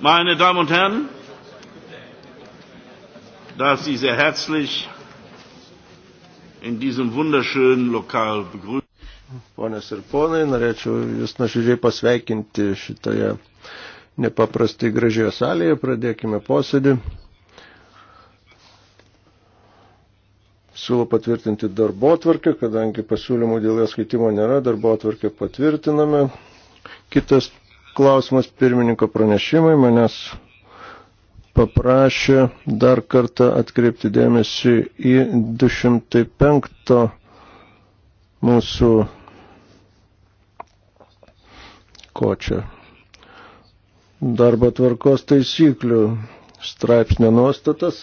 Meine Damen und Herren, darf Sie sehr herzlich in diesem wunderschönen Lokal begrüßen. Ponas ir ponai, norėčiau Jūs nuoširdžiai pasveikinti šitoje nepaprastai gražioje salėje. Pradėkime posėdį. Siūlau patvirtinti darbo tvarkę, kadangi pasiūlymų dėl jos skaitimo nėra, darbo tvarkę patvirtiname. Kitas klausimas pirmininko pranešimai. Manęs paprašė dar kartą atkreipti dėmesį į 205 mūsų ko čia darbo tvarkos taisyklių straipsnio nuostatas,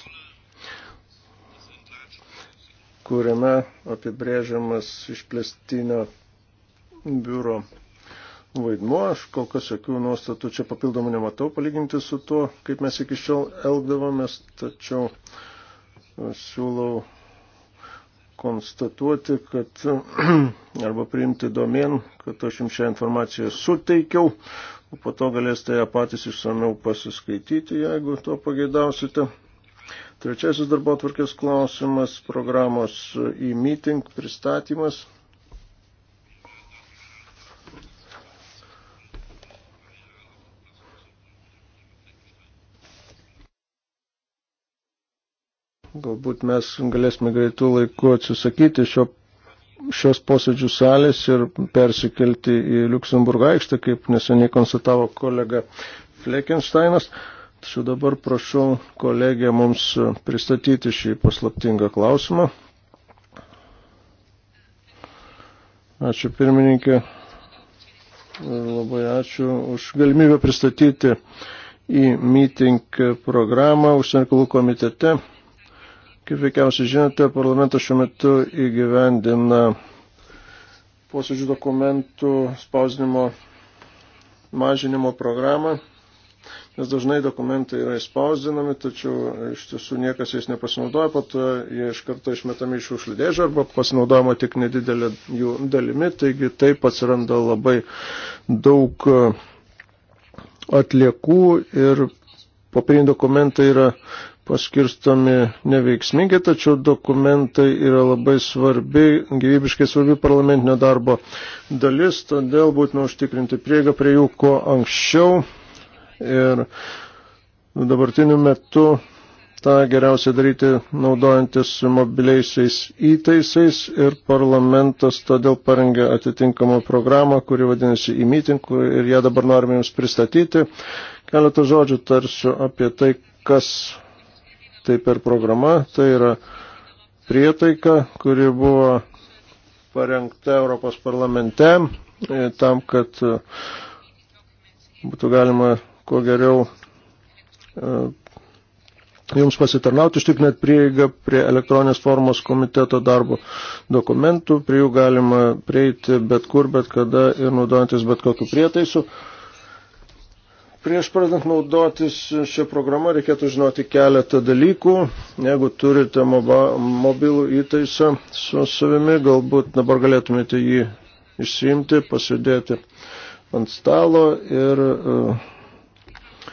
kuriame apibrėžiamas išplėstinio biuro vaidmuo. Aš kol kas jokių nuostatų čia papildomų nematau palyginti su tuo, kaip mes iki šiol elgdavomės, tačiau e, siūlau konstatuoti, kad arba priimti domen, kad aš jums šią informaciją suteikiau, o po to galėsite ją patys išsameu pasiskaityti, jeigu to pageidausite. Trečiasis darbo atvarkės klausimas - programos e-meeting pristatymas. Galbūt mes galėsime greitų laikų atsisakyti šio, šios posėdžių salės ir persikelti į Luxemburgo aikštę, kaip neseniai konstatavo kolega Fleckensteinas. Tačiau dabar prašau kolegiją mums pristatyti šį paslaptingą klausimą. Ačiū pirmininkė. Ir labai ačiū už galimybę pristatyti į meeting programą užsienio reikalų komitete. Kaip veikiausiai žinote, parlamentas šiuo metu įgyvendina posėdžių dokumentų spausdinimo mažinimo programą, nes dažnai dokumentai yra spausdinami, tačiau iš tiesų niekas jais nepasinaudoja, po to jie iš karto išmetami iš šiukšlių dėžę arba pasinaudojama tik nedidelė jų dalimi, taigi taip atsiranda labai daug e, atliekų ir popieriniai dokumentai yra paskirstomi neveiksmingai, tačiau dokumentai yra labai svarbi, gyvybiškai svarbi parlamentinio darbo dalis, todėl būtina užtikrinti prieigą prie jų kuo anksčiau ir dabartiniu metu tą geriausia daryti naudojantis mobiliaisiais įtaisais ir parlamentas todėl parengė atitinkamą programą, kuri vadinasi e-meeting ir ją dabar norime jums pristatyti. Keletą žodžių tarsiu apie tai, kas tai per programą, tai yra prietaika, kuri buvo parengta Europos parlamente e, tam, kad e, būtų galima kuo geriau e, jums pasitarnauti, ištikrinat prieigą prie elektroninės formos komiteto darbo dokumentų, prie jų galima prieiti bet kur, bet kada ir naudojantis bet kokiu prietaisu. Prieš pradant naudotis šią programą reikėtų žinoti keletą dalykų. Jeigu turite moba, mobilų įtaisą su savimi, galbūt dabar galėtumėte jį išsiimti, pasidėti ant stalo ir uh,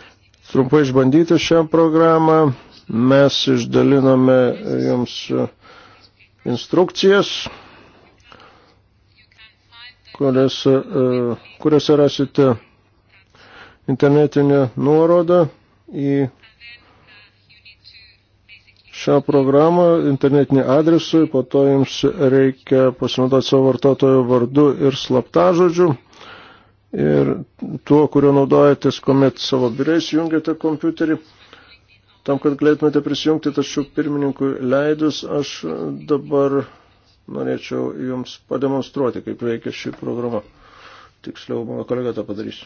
trumpai išbandyti šią programą. Mes išdalinome jums instrukcijas, kurias, uh, e, kuriuose rasite internetinę nuorodą į šią programą internetinį adresą, po to jums reikia pasinaudoti savo vartotojo vardu ir slaptažodžiu. Ir tuo, kuriuo naudojatės, kuomet savo biuriais jungiate kompiuterį, tam, kad galėtumėte prisijungti, tačiau pirmininkui leidus, aš dabar norėčiau jums pademonstruoti, kaip veikia ši programa. Tiksliau, mano kolega tą padarys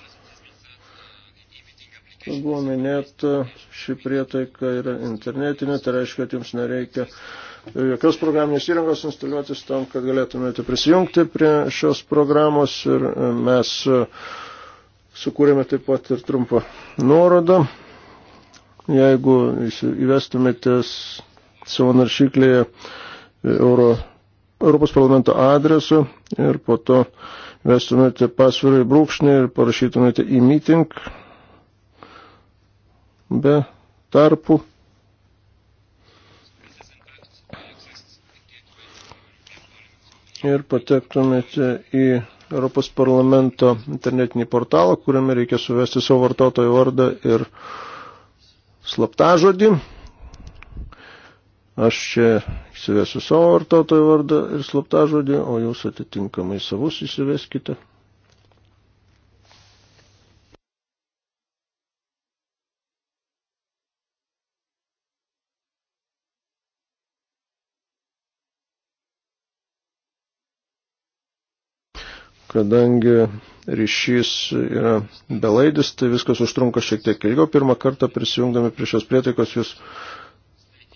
buvo minėta, ši prietaika yra internetinė, tai reiškia, kad jums nereikia jokios programinės įrangos instaliuotis tam, kad galėtumėte prisijungti prie šios programos ir e, mes e, sukūrėme taip pat ir trumpą nuorodą. Jeigu įvestumėte savo naršyklėje e, Euro, Europos parlamento adresu ir po to vestumėte pasvirą į brūkšnį ir parašytumėte e-meeting, be tarpų. Ir patektumėte į Europos parlamento internetinį portalą, kuriame reikia suvesti savo vartotojo vardą ir slaptažodį. Aš čia įsivesiu savo vartotojo vardą ir slaptažodį, o jūs atitinkamai savus įsiveskite. kadangi ryšys yra belaidis, tai viskas užtrunka šiek tiek ilgiau. Pirmą kartą prisijungdami prie šios prietaikos jūs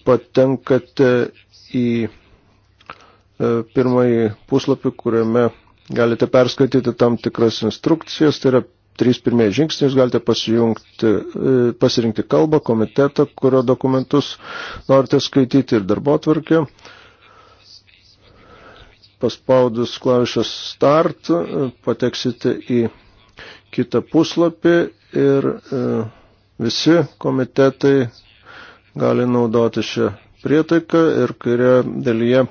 patenkate į e, pirmąjį puslapį, kuriame galite perskaityti tam tikras instrukcijas, tai yra trys pirmieji žingsniai, jūs galite e, pasirinkti kalbą, komitetą, kurio dokumentus norite skaityti ir darbo tvarkę paspaudus klavišą start pateksite į kitą puslapį ir e, visi komitetai gali naudoti šią prietaiką ir kairėje dalyje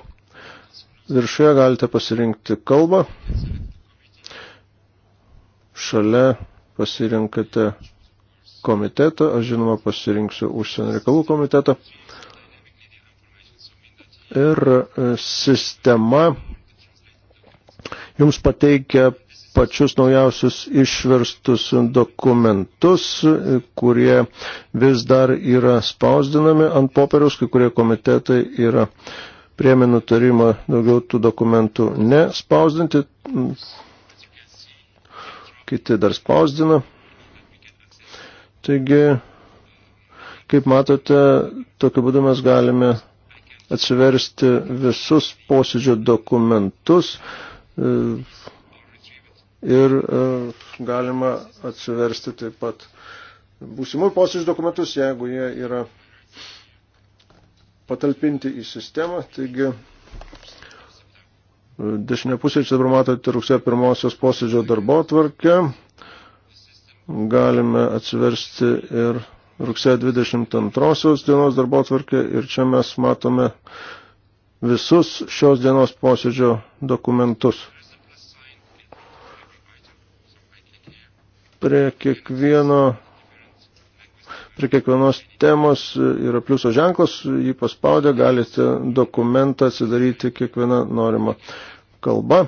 viršuje galite pasirinkti kalbą. Šalia pasirinkate komitetą, aš žinoma pasirinksiu užsienio reikalų komitetą ir e, sistema jums pateikia pačius naujausius išverstus dokumentus, e, kurie vis dar yra spausdinami ant popieriaus, kai kurie komitetai yra priemi nutarimą daugiau tų dokumentų nespausdinti, kiti dar spausdina. Taigi, kaip matote, tokiu būdu mes galime atsiversti visus posėdžio dokumentus e, ir e, galima atsiversti taip pat būsimų posėdžio dokumentus, jeigu jie yra patalpinti į sistemą. Taigi, dešinė pusė, čia dabar matote rugsėjo pirmosios posėdžio darbo tvarkę. Galime atsiversti ir rugsėjo 22 dienos darbo tvarkė ir čia mes matome visus šios dienos posėdžio dokumentus. Prie kiekvieno prie kiekvienos temos yra pliuso ženklas, jį paspaudę galite dokumentą atsidaryti kiekvieną norimą kalbą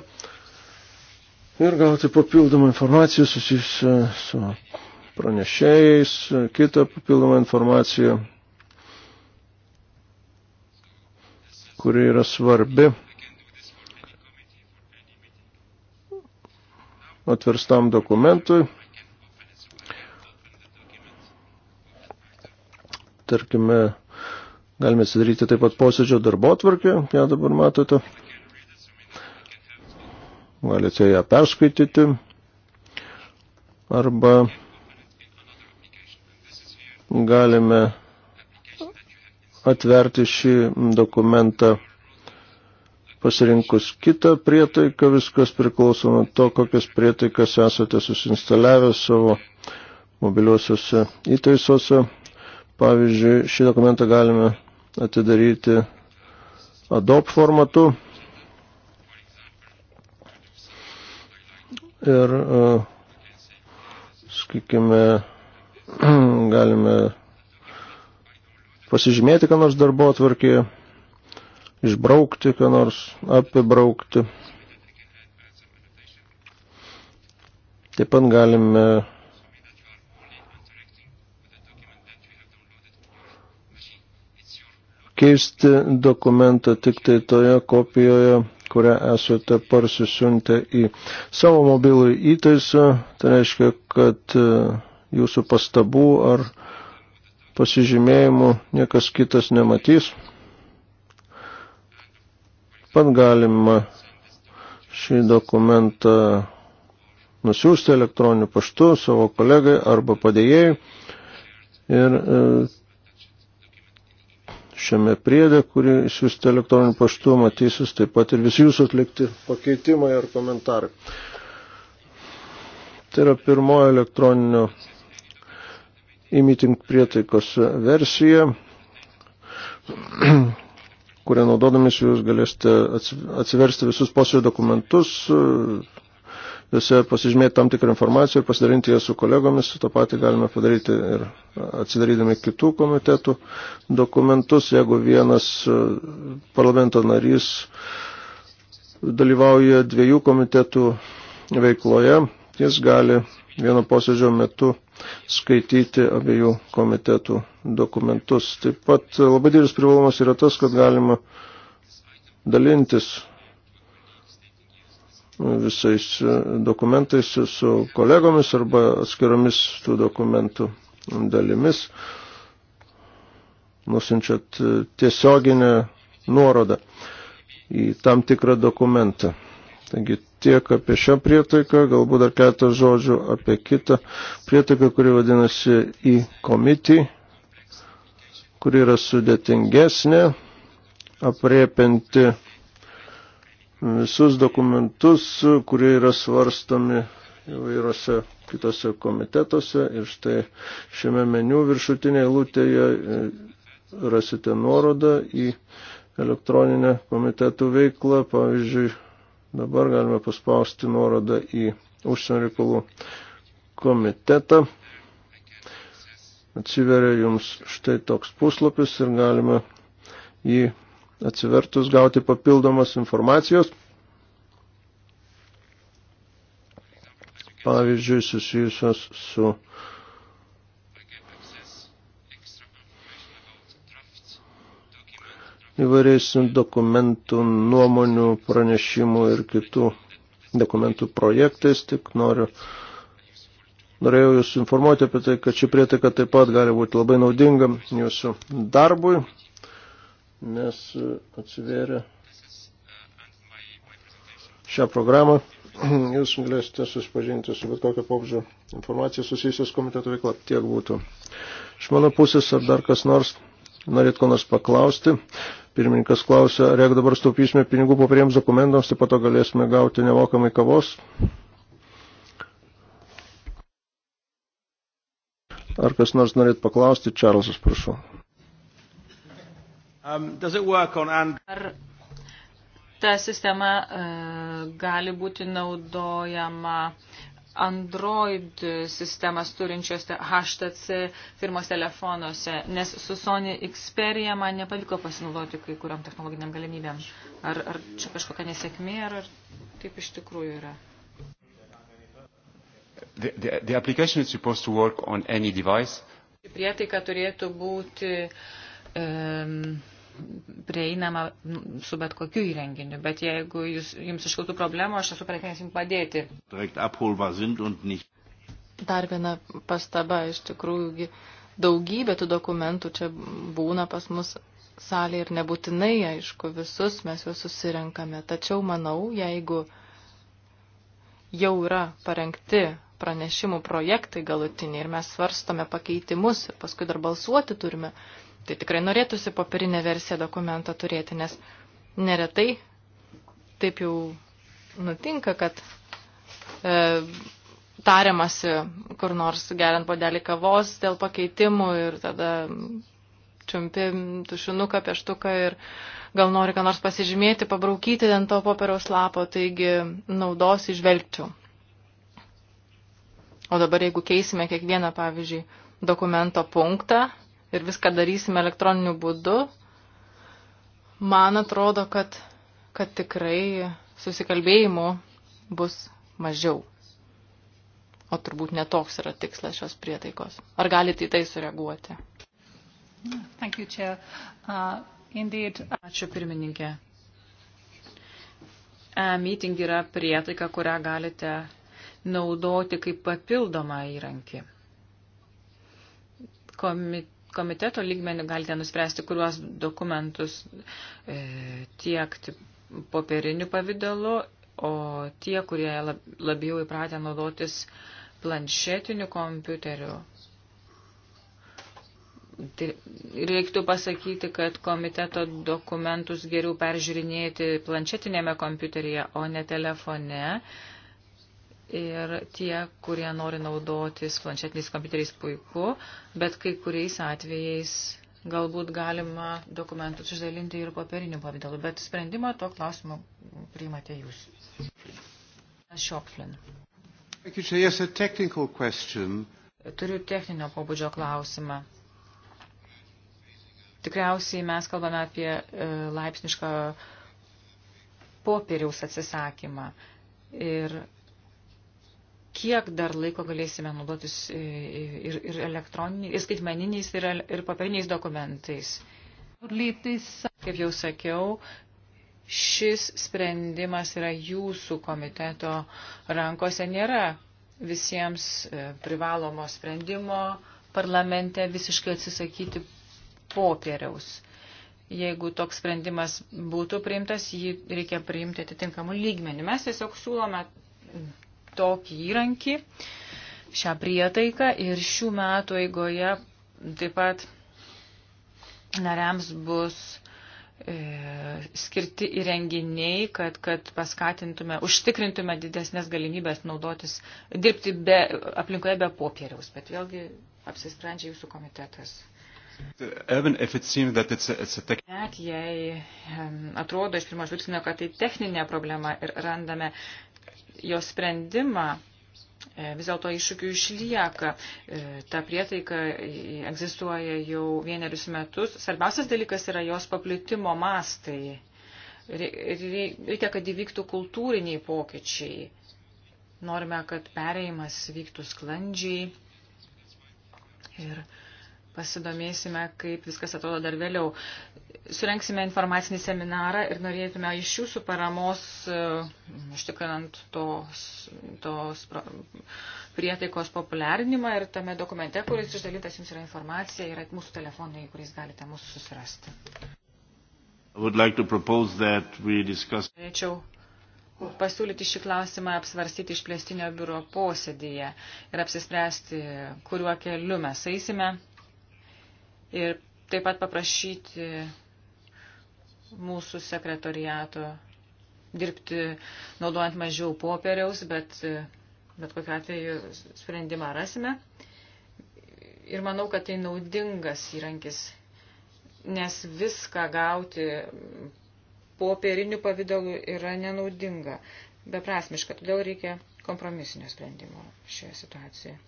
ir gauti papildomą informaciją susijusią su pranešėjais, kitą papildomą informaciją, kuri yra svarbi atverstam dokumentui. Tarkime, galime atsidaryti taip pat posėdžio darbo tvarkę, ją dabar matote. Galite ją perskaityti arba galime atverti šį dokumentą pasirinkus kitą prietaiką, viskas priklauso nuo to, kokias prietaikas esate susinstaliavę savo mobiliuosiuose įtaisuose. Pavyzdžiui, šį dokumentą galime atidaryti Adobe formatu ir, e, sakykime, uh, galime pasižymėti, ką nors darbo atvarkėje, išbraukti, ką nors apibraukti. Taip pat galime keisti dokumentą tik tai toje kopijoje, kurią esate parsisiuntę į savo mobilų įtaisą. Tai reiškia, kad jūsų pastabų ar pasižymėjimų niekas kitas nematys. Pat galima šį dokumentą nusiųsti elektroniniu paštu savo kolegai arba padėjėjai. Ir e, šiame priedė, kurį siūsti elektroniniu paštu, matysis taip pat ir visi jūsų atlikti pakeitimai ar komentarai. Tai yra pirmoji elektroninio e-meeting prietaikos versiją, kurią naudodamis jūs galėsite atsiversti visus posėdžio dokumentus, juose pasižymėti tam tikrą informaciją ir pasidalinti ją su kolegomis. Tą patį galime padaryti ir atsidarydami kitų komitetų dokumentus. Jeigu vienas e, parlamento narys dalyvauja dviejų komitetų veikloje, jis gali vieno posėdžio metu skaityti abiejų komitetų dokumentus. Taip pat labai didelis privalumas yra tas, kad galima dalintis visais dokumentais su kolegomis arba atskiromis tų dokumentų dalimis, nusinčiat tiesioginę nuorodą į tam tikrą dokumentą. Taigi tiek apie šią prietaiką, galbūt dar keletą žodžių apie kitą prietaiką, kuri vadinasi į e komitį, kuri yra sudėtingesnė, apriepinti visus dokumentus, kurie yra svarstomi įvairiose kitose komitetuose ir štai šiame meniu viršutinėje lūtėje e, rasite nuorodą į elektroninę komitetų veiklą, pavyzdžiui, Dabar galime paspausti nuorodą į užsienio reikalų komitetą. Atsiveria jums štai toks puslapis ir galime jį atsivertus gauti papildomas informacijos. Pavyzdžiui, susijusios su įvairiais dokumentų, nuomonių, pranešimų ir kitų dokumentų projektais, tik noriu, norėjau Jūs informuoti apie tai, kad ši prietaika taip pat gali būti labai naudinga Jūsų darbui, nes atsivėrė šią programą. Jūs galėsite susipažinti su bet kokią pobžio informaciją susijusios komiteto veikla. Tiek būtų. Iš mano pusės ar dar kas nors norėt ko nors paklausti. Pirmininkas klausia, ar jeigu dabar staupysime pinigų popieriems dokumentams, tai po to galėsime gauti nemokamai kavos. Ar kas nors norėt paklausti? Čarlzas, prašau. Um, ar ta sistema uh, gali būti naudojama uh, Android sistemas turinčiose HTC firmos telefonuose, nes su Sony Xperia man nepavyko pasinaudoti kai kuriam technologiniam galimybėm. Ar, ar čia kažkokia nesėkmė, ar, ar taip iš tikrųjų yra? The, the, the application is supposed to work on any device. Prietaika turėtų būti um, e, prieinama nu, su bet kokiu įrenginiu, bet jeigu jūs, jums iškiltų problemų, aš esu pareikęs jums padėti. Dar viena pastaba, iš tikrųjų, daugybė tų dokumentų čia būna pas mus salė ir nebūtinai, aišku, visus mes juos susirenkame. Tačiau manau, jeigu jau yra parengti pranešimų projektai galutiniai ir mes svarstome pakeitimus ir paskui dar balsuoti turime, Tai tikrai norėtųsi popierinę versiją dokumento turėti, nes neretai taip jau nutinka, kad e, tariamasi kur nors geriant podelį kavos dėl pakeitimų ir tada čiumpi tušinuką, pieštuką ir gal nori ką nors pasižymėti, pabraukyti ant to popieriaus lapo, taigi naudos išvelgčiau. O dabar jeigu keisime kiekvieną, pavyzdžiui, dokumento punktą ir viską darysime elektroniniu būdu, man atrodo, kad, kad tikrai susikalbėjimų bus mažiau. O turbūt netoks yra tikslas šios prietaikos. Ar galite į tai sureaguoti? Thank you, Chair. Uh, indeed. Ačiū pirmininkė. E-meeting yra prietaika, kurią galite naudoti kaip papildomą įrankį. Komit komiteto lygmenį galite nuspręsti, kuriuos dokumentus e, tiekti popieriniu pavydalu, o tie, kurie lab, labiau įpratę naudotis planšetiniu kompiuteriu. Tai reiktų pasakyti, kad komiteto dokumentus geriau peržiūrinėti planšetinėme kompiuteryje, o ne telefone. E, ir tie, kurie nori naudotis planšetiniais kompiuteriais puiku, bet kai kuriais atvejais galbūt galima dokumentus išdalinti ir popieriniu pavydalu, bet sprendimą to klausimu priimate jūs. Šioplin. Turiu techninio pobūdžio klausimą. Tikriausiai mes kalbame apie e, laipsnišką popieriaus atsisakymą. Ir kiek dar laiko galėsime naudotis e, e, ir, ir elektroniniais, ir skaitmeniniais, ir, ir papiriniais dokumentais. Kaip jau sakiau, šis sprendimas yra jūsų komiteto rankose, nėra visiems e, privalomo sprendimo parlamente visiškai atsisakyti popieriaus. Jeigu toks sprendimas būtų priimtas, jį reikia priimti atitinkamų lygmenį. Mes tiesiog siūlome tokį įrankį, šią prietaiką ir šių metų eigoje taip pat nariams bus e, skirti įrenginiai, kad, kad paskatintume, užtikrintume didesnės galimybės naudotis, dirbti be, aplinkoje be popieriaus, bet vėlgi apsisprendžia jūsų komitetas. Net jei atrodo iš pirmo žvilgsnio, kad tai techninė problema ir randame jo sprendimą, e, vis dėlto iššūkių išlieka. E, Ta prietaika e, egzistuoja jau vienerius metus. Svarbiausias dalykas yra jos paplitimo mastai. Reikia, kad įvyktų kultūriniai pokyčiai. Norime, kad pereimas vyktų sklandžiai. Ir uh, pasidomėsime, kaip viskas atrodo dar vėliau. Surenksime informacinį seminarą ir norėtume iš jūsų paramos, e, užtikrinant tos, tos prietaikos populiarinimą ir tame dokumente, kuris išdalytas jums yra informacija, yra mūsų telefonai, kuriais galite mūsų susirasti. Like discuss... Norėčiau pasiūlyti šį klausimą apsvarstyti išplėstinio biuro posėdėje ir apsispręsti, kuriuo keliu mes eisime ir taip pat paprašyti mūsų sekretoriato dirbti naudojant mažiau popieriaus, bet, bet kokiu atveju sprendimą rasime. Ir manau, kad tai naudingas įrankis, nes viską gauti popieriniu pavydalu yra nenaudinga, beprasmiška, todėl reikia kompromisinio sprendimo šioje situacijoje.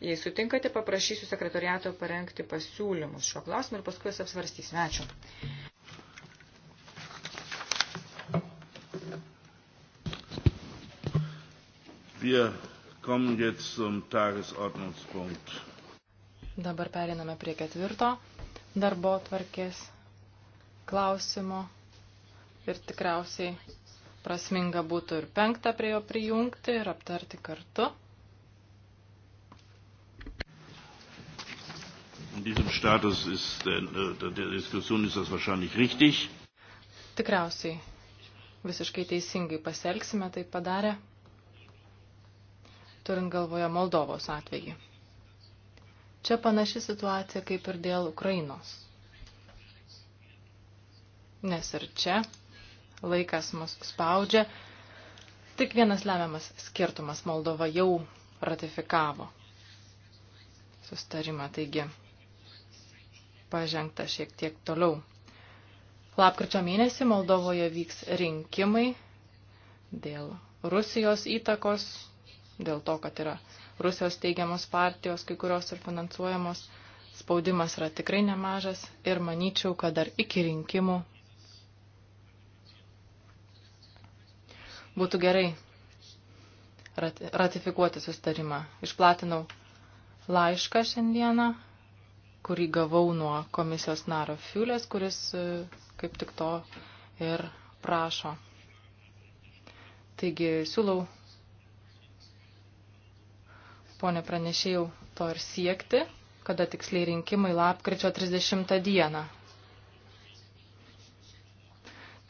Jei sutinkate, paprašysiu sekretoriato parengti pasiūlymus šio klausimu ir paskui jas apsvarstysime. Ačiū. Wir kommen jetzt zum Tagesordnungspunkt. Dabar periname prie ketvirto darbo tvarkės klausimo ir tikriausiai prasminga būtų ir penktą prie jo prijungti ir aptarti kartu. in diesem Status ist, der, der Diskussion ist das wahrscheinlich richtig. Tikriausiai visiškai teisingai pasielgsime tai padarę, turint galvoje Moldovos atvejį. Čia panaši situacija kaip ir dėl Ukrainos. Nes ir čia laikas mus spaudžia, tik vienas lemiamas skirtumas Moldova jau ratifikavo sustarimą. Taigi pažengta šiek tiek toliau. Lapkričio mėnesį Moldovoje vyks rinkimai dėl Rusijos įtakos, dėl to, kad yra Rusijos teigiamos partijos, kai kurios ir finansuojamos. Spaudimas yra tikrai nemažas ir manyčiau, kad dar iki rinkimų būtų gerai ratifikuoti sustarimą. Išplatinau laišką šiandieną kurį gavau nuo komisijos naro Fiulės, kuris e, kaip tik to ir prašo. Taigi siūlau, ponė pranešėjau, to ir siekti, kada tiksliai rinkimai lapkričio 30 dieną.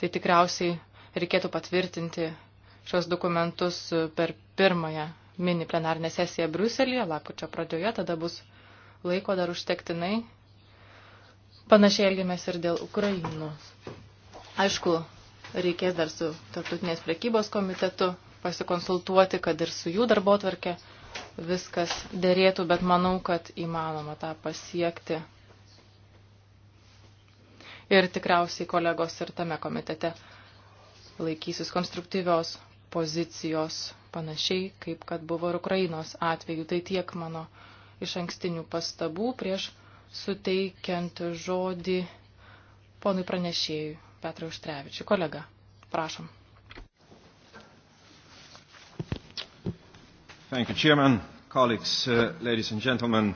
Tai tikriausiai reikėtų patvirtinti šios dokumentus per pirmąją mini plenarinę sesiją Briuselėje, lapkričio pradžioje, tada bus laiko dar užtektinai. Panašiai elgiamės ir dėl Ukrainos. Aišku, reikės dar su Tartutinės prekybos komitetu pasikonsultuoti, kad ir su jų darbo tvarkė viskas dėrėtų, bet manau, kad įmanoma tą pasiekti. Ir tikriausiai kolegos ir tame komitete laikysis konstruktyvios pozicijos panašiai, kaip kad buvo ir Ukrainos atveju. Tai tiek mano iš ankstinių pastabų prieš suteikiant žodį ponui pranešėjui Petrui Užtrevičiui. Kolega, prašom. Thank you, Chairman, colleagues, uh, ladies and gentlemen.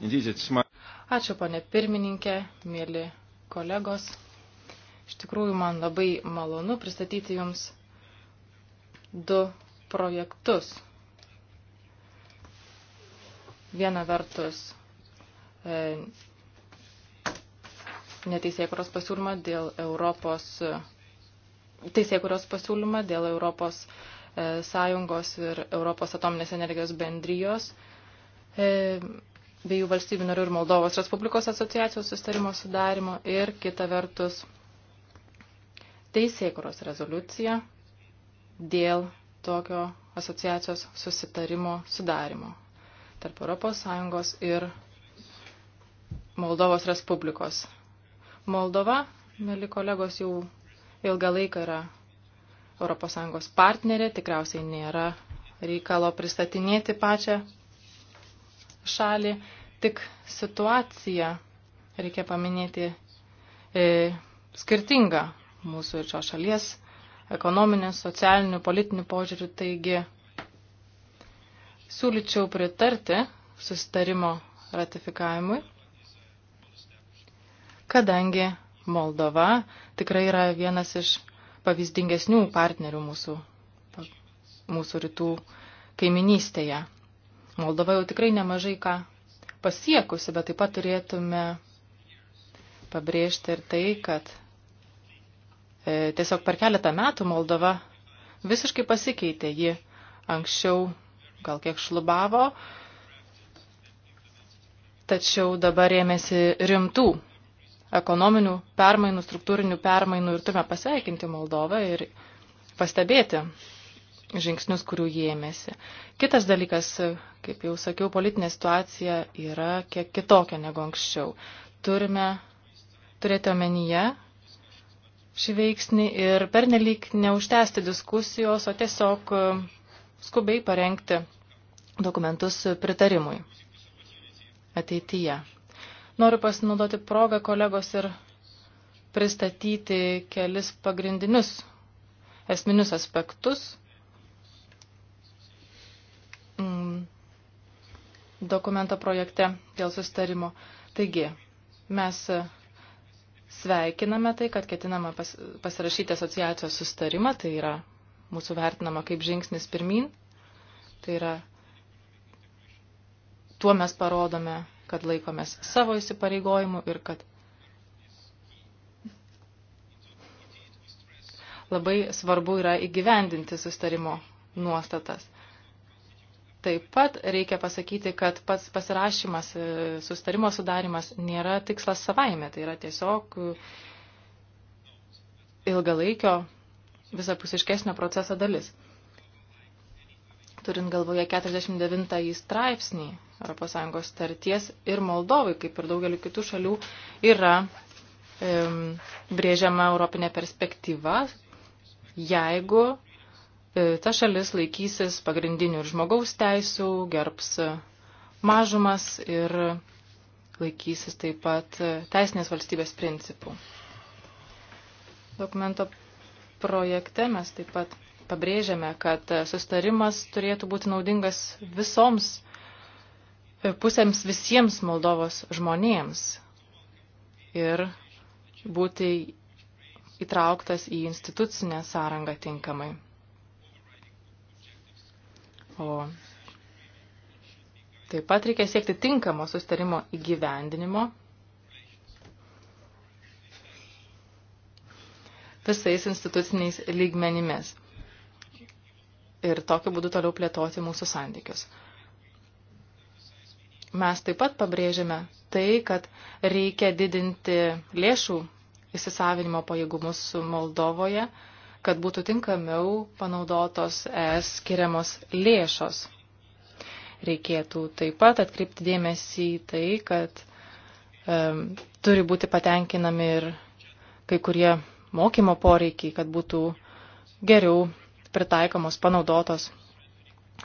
Indeed, it's my... Ačiū, ponė pirmininkė, mėly kolegos. Iš tikrųjų, man labai malonu pristatyti Jums du projektus Viena vertus e, neteisėkuros pasiūlymą dėl Europos teisėkuros pasiūlymą dėl Europos e, Sąjungos ir Europos atominės energijos bendrijos e, bei jų valstybių narių ir Moldovos Respublikos asociacijos sustarimo sudarimo ir kita vertus teisėkuros rezoliucija dėl tokio asociacijos susitarimo sudarimo tarp ES ir Moldovos Respublikos. Moldova, mėly kolegos, jau ilgą laiką yra ES partnerė, tikriausiai nėra reikalo pristatinėti pačią šalį, tik situacija, reikia paminėti, e, skirtinga mūsų ir šios šalies ekonominių, socialinių, politinių požiūrių, taigi siūlyčiau pritarti susitarimo ratifikavimui, kadangi Moldova tikrai yra vienas iš pavyzdingesnių partnerių mūsų, mūsų rytų kaiminystėje. Moldova jau tikrai nemažai ką pasiekusi, bet taip pat turėtume pabrėžti ir tai, kad e, tiesiog per keletą metų Moldova visiškai pasikeitė. Ji anksčiau gal kiek šlubavo, tačiau dabar ėmėsi rimtų ekonominių permainų, struktūrinių permainų ir turime pasveikinti Moldovą ir pastebėti žingsnius, kurių jėmėsi. Kitas dalykas, kaip jau sakiau, politinė situacija yra kiek kitokia negu anksčiau. Turime turėti omenyje šį veiksnį ir pernelyg neužtęsti diskusijos, o tiesiog skubiai parengti dokumentus pritarimui ateityje. Noriu pasinaudoti progą kolegos ir pristatyti kelis pagrindinius esminius aspektus mm, dokumento projekte dėl sustarimo. Taigi, mes sveikiname tai, kad ketinama pas, pasirašyti asociacijos sustarimą, tai yra mūsų vertinama kaip žingsnis pirmin. Tai yra, tuo mes parodome, kad laikomės savo įsipareigojimų ir kad labai svarbu yra įgyvendinti sustarimo nuostatas. Taip pat reikia pasakyti, kad pats pasirašymas, e, sustarimo sudarimas nėra tikslas savaime, tai yra tiesiog e, ilgalaikio visapusiškesnio proceso dalis. Turint galvoje 49 straipsnį ES starties ir Moldovai, kaip ir daugeliu kitų šalių, yra e, brėžiama europinė perspektyva, jeigu e, ta šalis laikysis pagrindinių ir žmogaus teisų, gerbs mažumas ir laikysis taip pat teisinės valstybės principų. Dokumento projekte mes taip pat pabrėžiame, kad sustarimas turėtų būti naudingas visoms e, pusėms visiems Moldovos žmonėms ir būti įtrauktas į institucinę sąrangą tinkamai. O taip pat reikia siekti tinkamo sustarimo įgyvendinimo visais instituciniais lygmenimis. Ir tokiu būdu toliau plėtoti mūsų santykius. Mes taip pat pabrėžiame tai, kad reikia didinti lėšų įsisavinimo pajėgumus Moldovoje, kad būtų tinkamiau panaudotos ES skiriamos lėšos. Reikėtų taip pat atkreipti dėmesį į tai, kad um, turi būti patenkinami ir kai kurie mokymo poreikį, kad būtų geriau pritaikomos, panaudotos,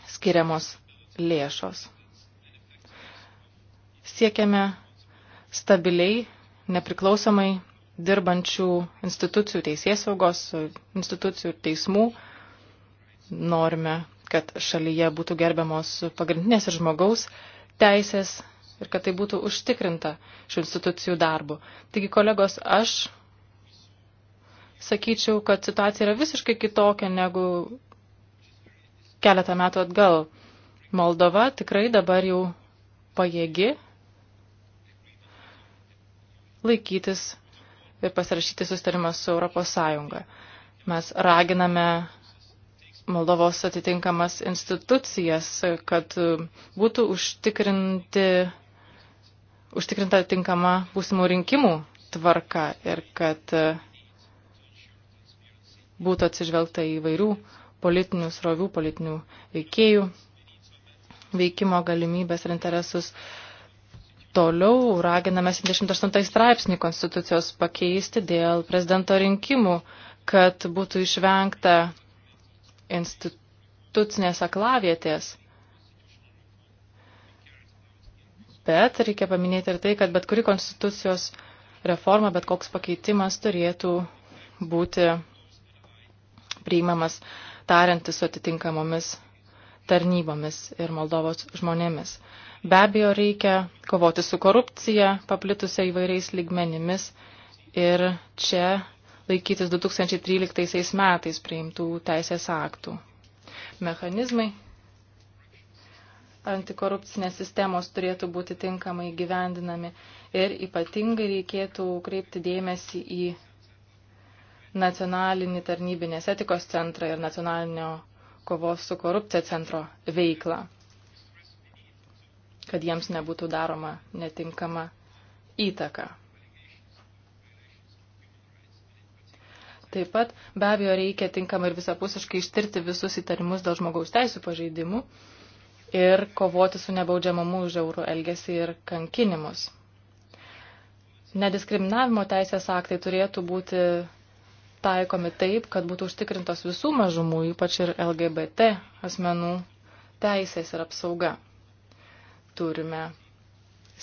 skiriamos lėšos. Siekiame stabiliai, nepriklausomai dirbančių institucijų, teisėsaugos institucijų ir teismų. Norime, kad šalyje būtų gerbiamos pagrindinės ir žmogaus teisės ir kad tai būtų užtikrinta šių institucijų darbu. Taigi, kolegos, aš sakyčiau, kad situacija yra visiškai kitokia negu keletą metų atgal. Moldova tikrai dabar jau pajėgi laikytis ir pasirašyti sustarimą su Europos Sąjunga. Mes raginame Moldovos atitinkamas institucijas, kad būtų užtikrinti, užtikrinta atitinkama būsimų rinkimų tvarka ir kad uh, būtų atsižvelgta į vairių politinių srovių, politinių veikėjų veikimo galimybės ir interesus. Toliau raginame 78 straipsnį konstitucijos pakeisti dėl prezidento rinkimų, kad būtų išvengta institucinės aklavietės. Bet reikia paminėti ir tai, kad bet kuri konstitucijos reforma, bet koks pakeitimas turėtų būti priimamas tariantis su atitinkamomis tarnybomis ir Moldovos žmonėmis. Be abejo, reikia kovoti su korupcija, paplitusia įvairiais lygmenimis ir čia laikytis 2013 metais priimtų teisės aktų. Mechanizmai antikorupcinės sistemos turėtų būti tinkamai gyvendinami ir ypatingai reikėtų kreipti dėmesį į nacionalinį tarnybinės etikos centrą ir nacionalinio kovos su korupcija centro veiklą, kad jiems nebūtų daroma netinkama įtaka. Taip pat be abejo reikia tinkamai ir visapusiškai ištirti visus įtarimus dėl žmogaus teisų pažeidimų ir kovoti su nebaudžiamamu už eurų elgesį ir kankinimus. Nediskriminavimo teisės aktai turėtų būti taikomi taip, kad būtų užtikrintos visų mažumų, ypač ir LGBT asmenų teisės ir apsauga. Turime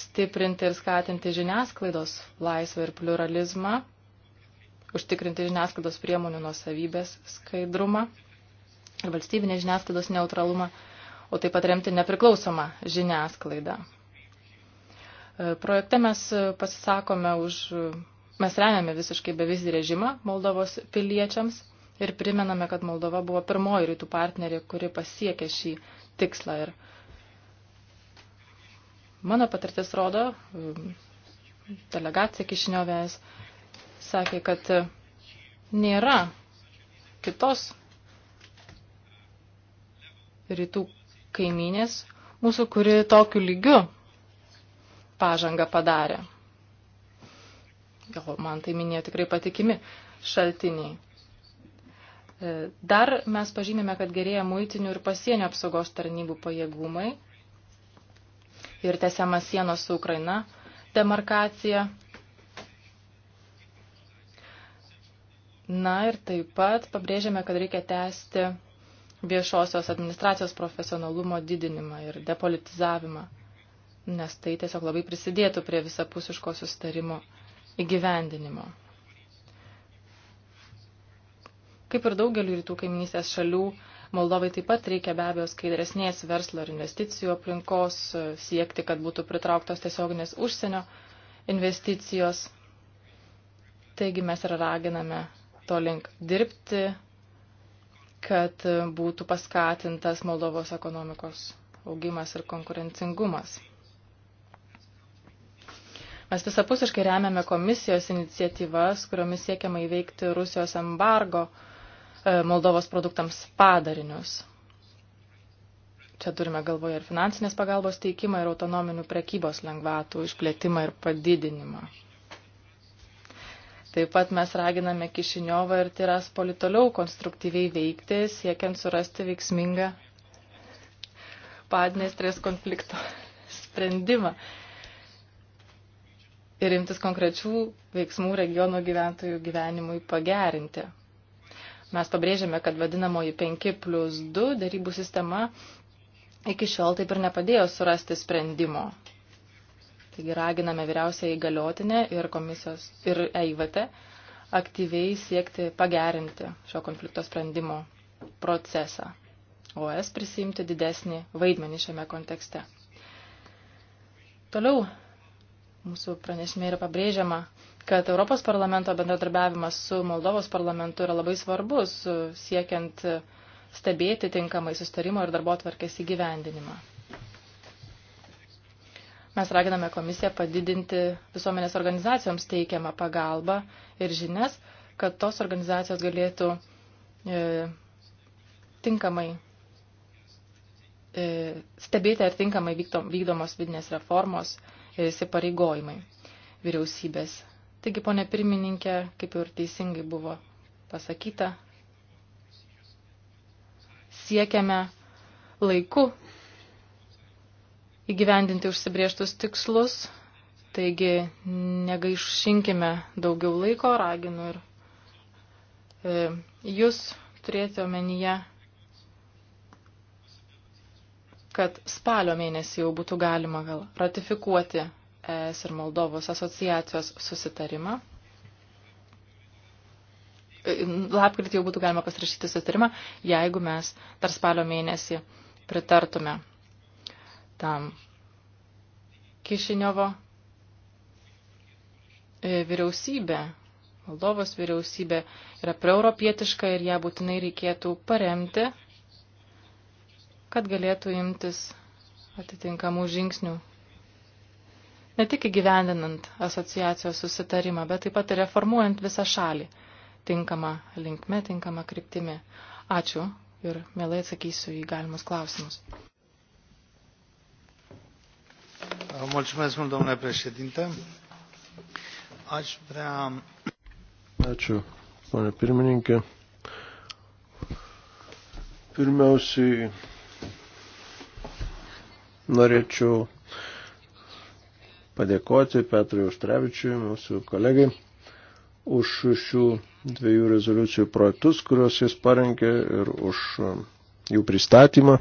stiprinti ir skatinti žiniasklaidos laisvę ir pluralizmą, užtikrinti žiniasklaidos priemonių nuosavybės skaidrumą ir valstybinės žiniasklaidos neutralumą, o taip pat remti nepriklausomą žiniasklaidą. Projekte mes pasisakome už Mes remiame visiškai bevizį režimą Moldovos piliečiams ir primename, kad Moldova buvo pirmoji rytų partnerė, kuri pasiekė šį tikslą. Ir mano patirtis rodo, delegacija Kišiniovės sakė, kad nėra kitos rytų kaiminės mūsų, kuri tokiu lygiu pažangą padarė gal man tai minėjo tikrai patikimi šaltiniai. E, dar mes pažymėme, kad gerėja muitinių ir pasienio apsaugos tarnybų pajėgumai ir tesiama sienos su Ukraina demarkacija. Na ir taip pat pabrėžėme, kad reikia tęsti viešosios administracijos profesionalumo didinimą ir depolitizavimą, nes tai tiesiog labai prisidėtų prie visapusiško sustarimo įgyvendinimo. Kaip ir daugeliu rytų kaiminystės šalių, Moldovai taip pat reikia be abejo skaidresnės verslo ir investicijų aplinkos, siekti, kad būtų pritrauktos tiesioginės užsienio investicijos. Taigi mes ir raginame to link dirbti, kad būtų paskatintas Moldovos ekonomikos augimas ir konkurencingumas. Mes visapusiškai remiame komisijos iniciatyvas, kuriomis siekiama įveikti Rusijos embargo e, Moldovos produktams padarinius. Čia turime galvoje ir finansinės pagalbos teikimą, ir autonominių prekybos lengvatų išplėtimą ir padidinimą. Taip pat mes raginame Kišiniovą ir Tiraspolį toliau konstruktyviai veikti, siekiant surasti veiksmingą padnestrės konflikto sprendimą ir imtis konkrečių veiksmų regionų gyventojų gyvenimui pagerinti. Mes pabrėžiame, kad vadinamoji 5 plus 2 darybų sistema iki šiol taip ir nepadėjo surasti sprendimo. Taigi raginame vyriausią įgaliotinę ir komisijos ir EIVT aktyviai siekti pagerinti šio konflikto sprendimo procesą, o es prisimti didesnį vaidmenį šiame kontekste. Toliau Mūsų pranešime yra pabrėžiama, kad Europos parlamento bendradarbiavimas su Moldovos parlamentu yra labai svarbus, siekiant stebėti tinkamai sustarimo ir darbo tvarkės įgyvendinimą. Mes raginame komisiją padidinti visuomenės organizacijoms teikiamą pagalbą ir žinias, kad tos organizacijos galėtų e, tinkamai e, stebėti, ar tinkamai vykdomos vidinės reformos ir įsipareigojimai vyriausybės. Taigi, ponė pirmininkė, kaip ir teisingai buvo pasakyta, siekiame laiku įgyvendinti užsibrieštus tikslus, taigi negaišinkime daugiau laiko, raginu ir e, jūs turėti omenyje kad spalio mėnesį jau būtų galima gal ratifikuoti ES ir Moldovos asociacijos susitarimą. E, lapkritį jau būtų galima pasirašyti susitarimą, jeigu mes dar spalio mėnesį pritartume tam Kišiniovo e, vyriausybė, Moldovos vyriausybė yra proeuropietiška ir ją būtinai reikėtų paremti kad galėtų imtis atitinkamų žingsnių. Ne tik įgyvendinant asociacijos susitarimą, bet taip pat ir reformuojant visą šalį tinkamą linkme, tinkamą kryptimi. Ačiū ir mielai atsakysiu į galimus klausimus. Mulțumesc mult, domnule președinte. Aș vrea... Ačiū, pane pirmininkė. Pirmiausiai Norėčiau padėkoti Petrui Užtrevičiui, mūsų kolegai, už šių dviejų rezoliucijų projektus, kuriuos jis parengė ir už um, jų pristatymą.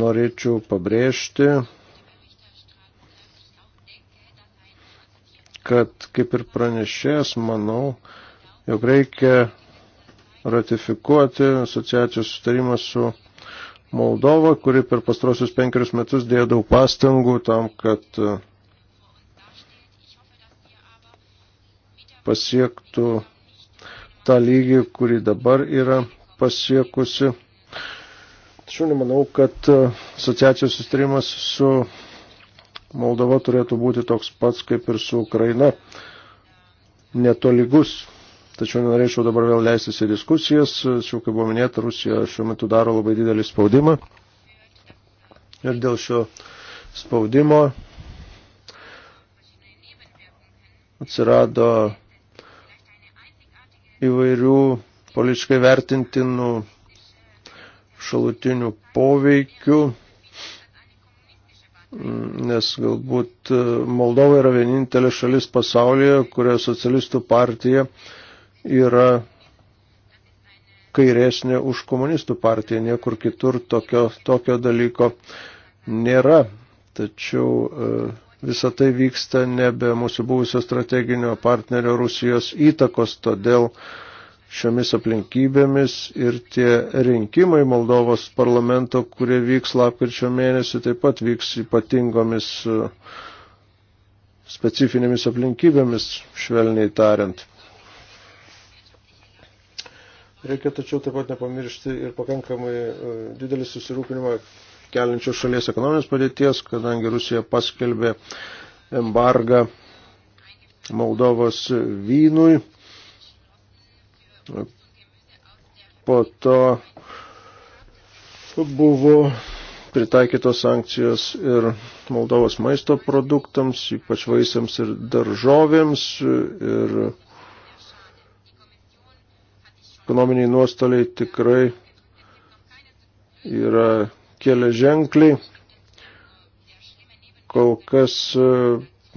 Norėčiau pabrėžti, kad kaip ir pranešėjas, manau, jog reikia ratifikuoti asociacijos sutarimą su Moldova, kuri per pastrosius penkerius metus dėjo daug pastangų tam, kad e, pasiektų tą lygį, kurį dabar yra pasiekusi. Tačiau nemanau, kad e, asociacijos sustarimas su Moldova turėtų būti toks pats kaip ir su Ukraina netolygus. Tačiau norėčiau dabar vėl leistis į diskusijas. Čia, kaip buvo minėta, Rusija šiuo metu daro labai didelį spaudimą. Ir dėl šio spaudimo atsirado įvairių politiškai vertintinų šalutinių poveikių, nes galbūt Moldova yra vienintelė šalis pasaulyje, kurioje socialistų partija uh, yra kairesnė už komunistų partiją, niekur kitur tokio, tokio dalyko nėra. Tačiau e, visa tai vyksta nebe mūsų buvusio strateginio partnerio Rusijos įtakos, todėl šiomis aplinkybėmis ir tie rinkimai Moldovos parlamento, kurie vyks lapkričio mėnesį, taip pat vyks ypatingomis e, specifinėmis aplinkybėmis, švelniai tariant. Reikia tačiau taip pat nepamiršti ir pakankamai e, didelį susirūpinimą keliančios šalies ekonominės padėties, kadangi Rusija paskelbė embargą Moldovos vynui. Po to buvo pritaikytos sankcijos ir Moldovos maisto produktams, ypač vaisiams ir daržovėms. Ir Ekonominiai nuostoliai tikrai yra kelia ženkliai. Kol kas e,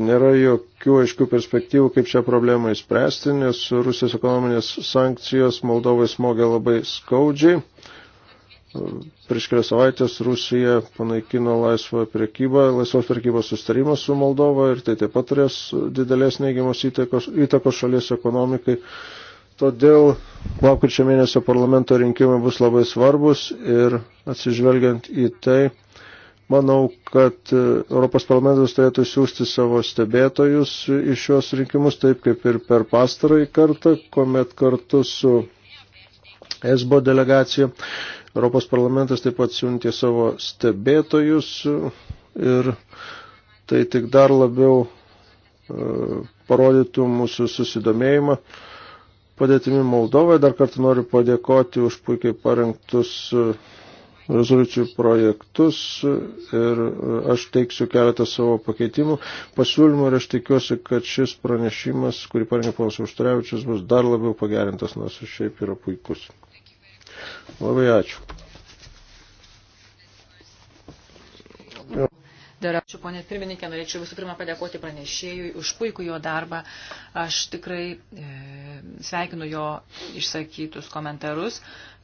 nėra jokių aiškių perspektyvų, kaip šią problemą įspręsti, nes Rusijos ekonominės sankcijos Moldovai smogia labai skaudžiai. E, prieš kelias savaitės Rusija panaikino laisvą prekybą, laisvos prekybos sustarimą su Moldova ir tai taip pat turės didelės neigiamos įtakos, įtakos šalies ekonomikai. Todėl lapkričio mėnesio parlamento rinkimai bus labai svarbus ir atsižvelgiant į tai, manau, kad e, Europos parlamentas turėtų siūsti savo stebėtojus iš šios rinkimus, taip kaip ir per pastarąjį kartą, kuomet kartu su ESBO delegacija Europos parlamentas taip pat siuntė savo stebėtojus ir tai tik dar labiau e, parodytų mūsų susidomėjimą padėtimi Moldovoje. Dar kartą noriu padėkoti už puikiai parengtus e, rezoliucijų projektus ir e, aš teiksiu keletą savo pakeitimų pasiūlymų ir aš tikiuosi, kad šis pranešimas, kurį parengė ponas Užtrevičius, bus dar labiau pagerintas, nors ir šiaip yra puikus. Labai ačiū. Ačiū, ponė pirmininkė, norėčiau visų pirma padėkoti pranešėjui už puikų jo darbą. Aš tikrai e, sveikinu jo išsakytus komentarus.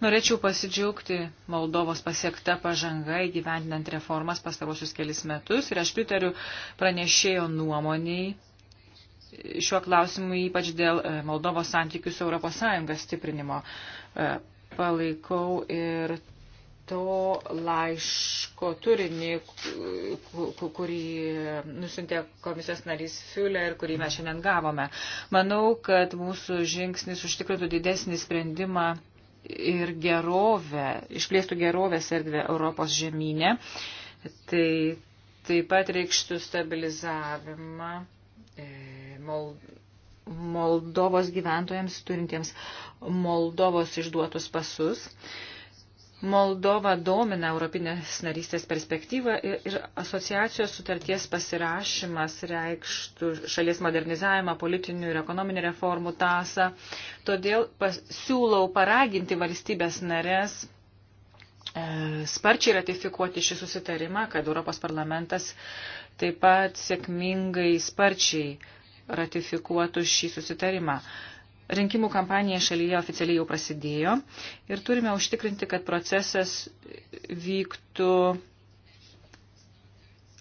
Norėčiau pasidžiaugti Moldovos pasiekta pažanga įgyvendinant reformas pastarosius kelis metus ir aš pritariu pranešėjo nuomoniai šiuo klausimu, ypač dėl e, Moldovos santykių su ES stiprinimo. E, palaikau ir to laiško turinį, kurį nusintė komisijos narys Fiulė ir kurį mes šiandien gavome. Manau, kad mūsų žingsnis užtikrintų didesnį sprendimą ir gerovę, išplėstų gerovės erdvę Europos žemynė. Tai taip pat reikštų stabilizavimą e, Moldovos gyventojams turintiems Moldovos išduotus pasus. E, Moldova domina Europinės narystės perspektyvą ir, ir asociacijos sutarties pasirašymas reikštų šalies modernizavimą, politinių ir ekonominių reformų tasą. Todėl siūlau paraginti valstybės narės e, sparčiai ratifikuoti šį susitarimą, kad Europos parlamentas taip pat sėkmingai sparčiai ratifikuotų šį susitarimą. E, Rinkimų kampanija šalyje oficialiai jau prasidėjo ir turime užtikrinti, kad procesas vyktų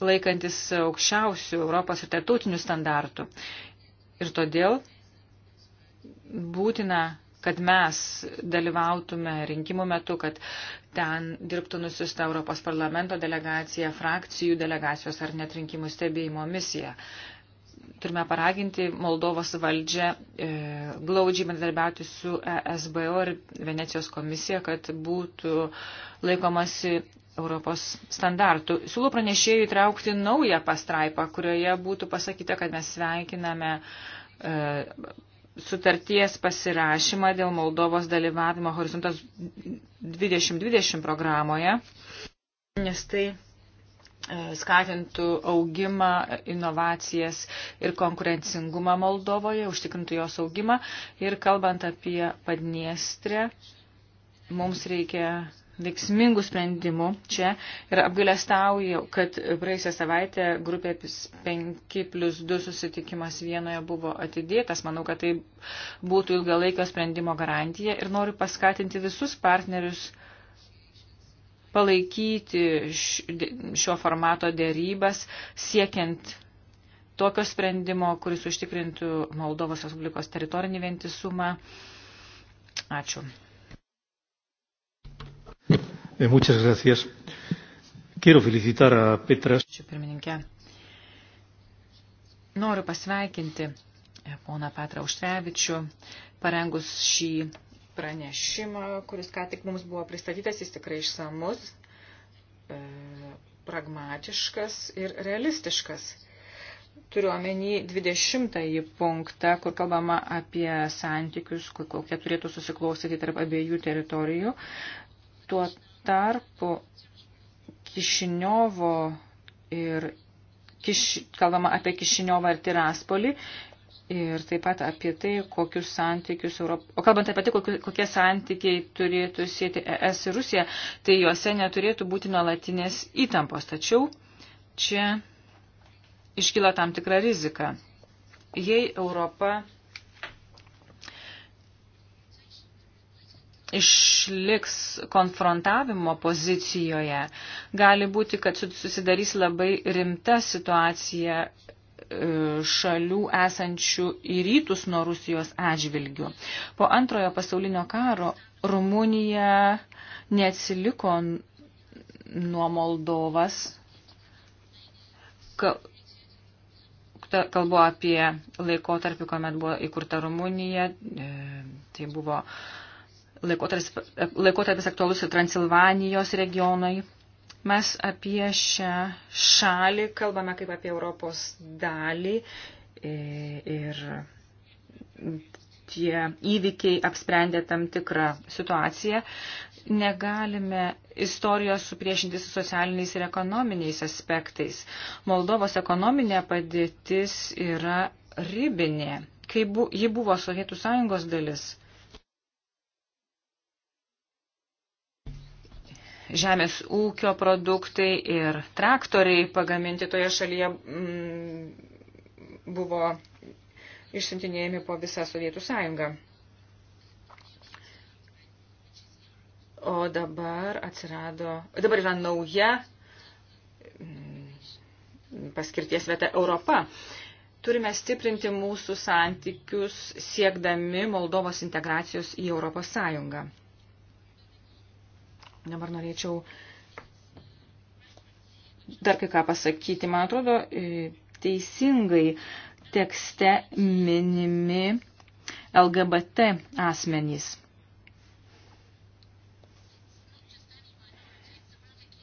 laikantis aukščiausių Europos ir tarptautinių standartų. Ir todėl būtina, kad mes dalyvautume rinkimų metu, kad ten dirbtų nusista Europos parlamento delegacija, frakcijų delegacijos ar net rinkimų stebėjimo misija turime paraginti Moldovos valdžią e, glaudžiai bendarbiauti su ESBO ir Venecijos komisija, kad būtų laikomasi Europos standartų. Siūlau pranešėjų įtraukti naują pastraipą, kurioje būtų pasakyta, kad mes sveikiname e, sutarties pasirašymą dėl Moldovos dalyvavimo Horizontas 2020 programoje, nes tai skatintų augimą, inovacijas ir konkurencingumą Moldovoje, užtikrintų jos augimą. Ir kalbant apie Padniestrę, mums reikia veiksmingų sprendimų čia ir apgailestauju, kad praėjusią savaitę grupė 5 plus 2 susitikimas vienoje buvo atidėtas. Manau, kad tai būtų ilgalaikio sprendimo garantija ir noriu paskatinti visus partnerius uh, palaikyti šio formato dėrybas, siekiant tokio sprendimo, kuris užtikrintų Moldovos Respublikos teritorinį vientisumą. Ačiū. Eh, muchas gracias. Quiero felicitar a Petras. Ačiū pirmininkė. Noriu pasveikinti eh, poną Petrą Užtrevičių, parengus šį pranešimą, kuris ką tik mums buvo pristatytas, jis tikrai išsamus, e, pragmatiškas ir realistiškas. Turiu omeny 20 punktą, kur kalbama apie santykius, kokie turėtų susiklausyti tarp abiejų teritorijų. Tuo tarpu Kišiniovo ir kiš, kalbama apie Kišiniovą ir Tiraspolį Ir taip pat apie tai, kokius santykius Europos... O kalbant apie tai, kokie santykiai turėtų sėti ES ir Rusija, tai juose neturėtų būti nuolatinės įtampos. Tačiau čia iškyla tam tikra rizika. Jei Europa išliks konfrontavimo pozicijoje, gali būti, kad susidarys labai rimta situacija E, šalių esančių į rytus nuo Rusijos atžvilgių. Po antrojo pasaulinio karo Rumunija neatsiliko nuo Moldovas. Kalbu apie laikotarpį, kuomet buvo įkurta Rumunija. E, tai buvo laikotarpis, laikotarpis aktualus ir Transilvanijos regionai. Mes apie šią šalį kalbame kaip apie Europos dalį e, ir tie įvykiai apsprendė tam tikrą situaciją. Negalime istorijos supriešinti su socialiniais ir ekonominiais aspektais. Moldovos ekonominė padėtis yra ribinė, kai bu, ji buvo Sovietų sąjungos dalis. žemės ūkio produktai ir traktoriai pagaminti toje šalyje m, mm, buvo išsintinėjami po visą Sovietų sąjungą. O dabar atsirado, dabar yra nauja mm, paskirties vieta Europa. Turime stiprinti mūsų santykius siekdami Moldovos integracijos į Europos Sąjungą. Dabar norėčiau dar kai ką pasakyti. Man atrodo, e, teisingai tekste minimi LGBT asmenys.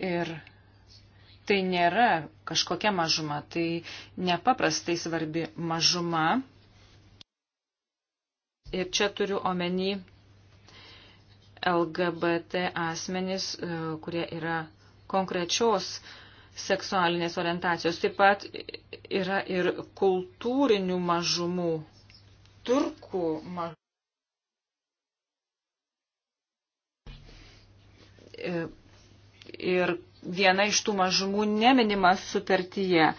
Ir tai nėra kažkokia mažuma, tai nepaprastai svarbi mažuma. Ir čia turiu omeny LGBT asmenys, e, kurie yra konkrečios seksualinės orientacijos. Taip pat yra ir kultūrinių mažumų, turkų mažumų. E, ir viena iš tų mažumų neminima sutartyje.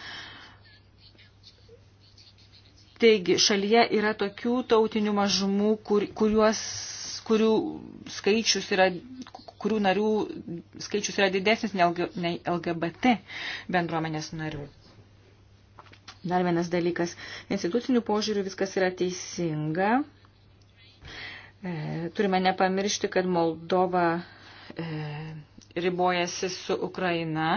Taigi, šalyje yra tokių tautinių mažumų, kur, kuriuos kurių skaičius yra kurių narių skaičius yra didesnis nei LGBT bendruomenės narių. Dar vienas dalykas. Institucinių požiūrių viskas yra teisinga. E, turime nepamiršti, kad Moldova e, ribojasi su Ukraina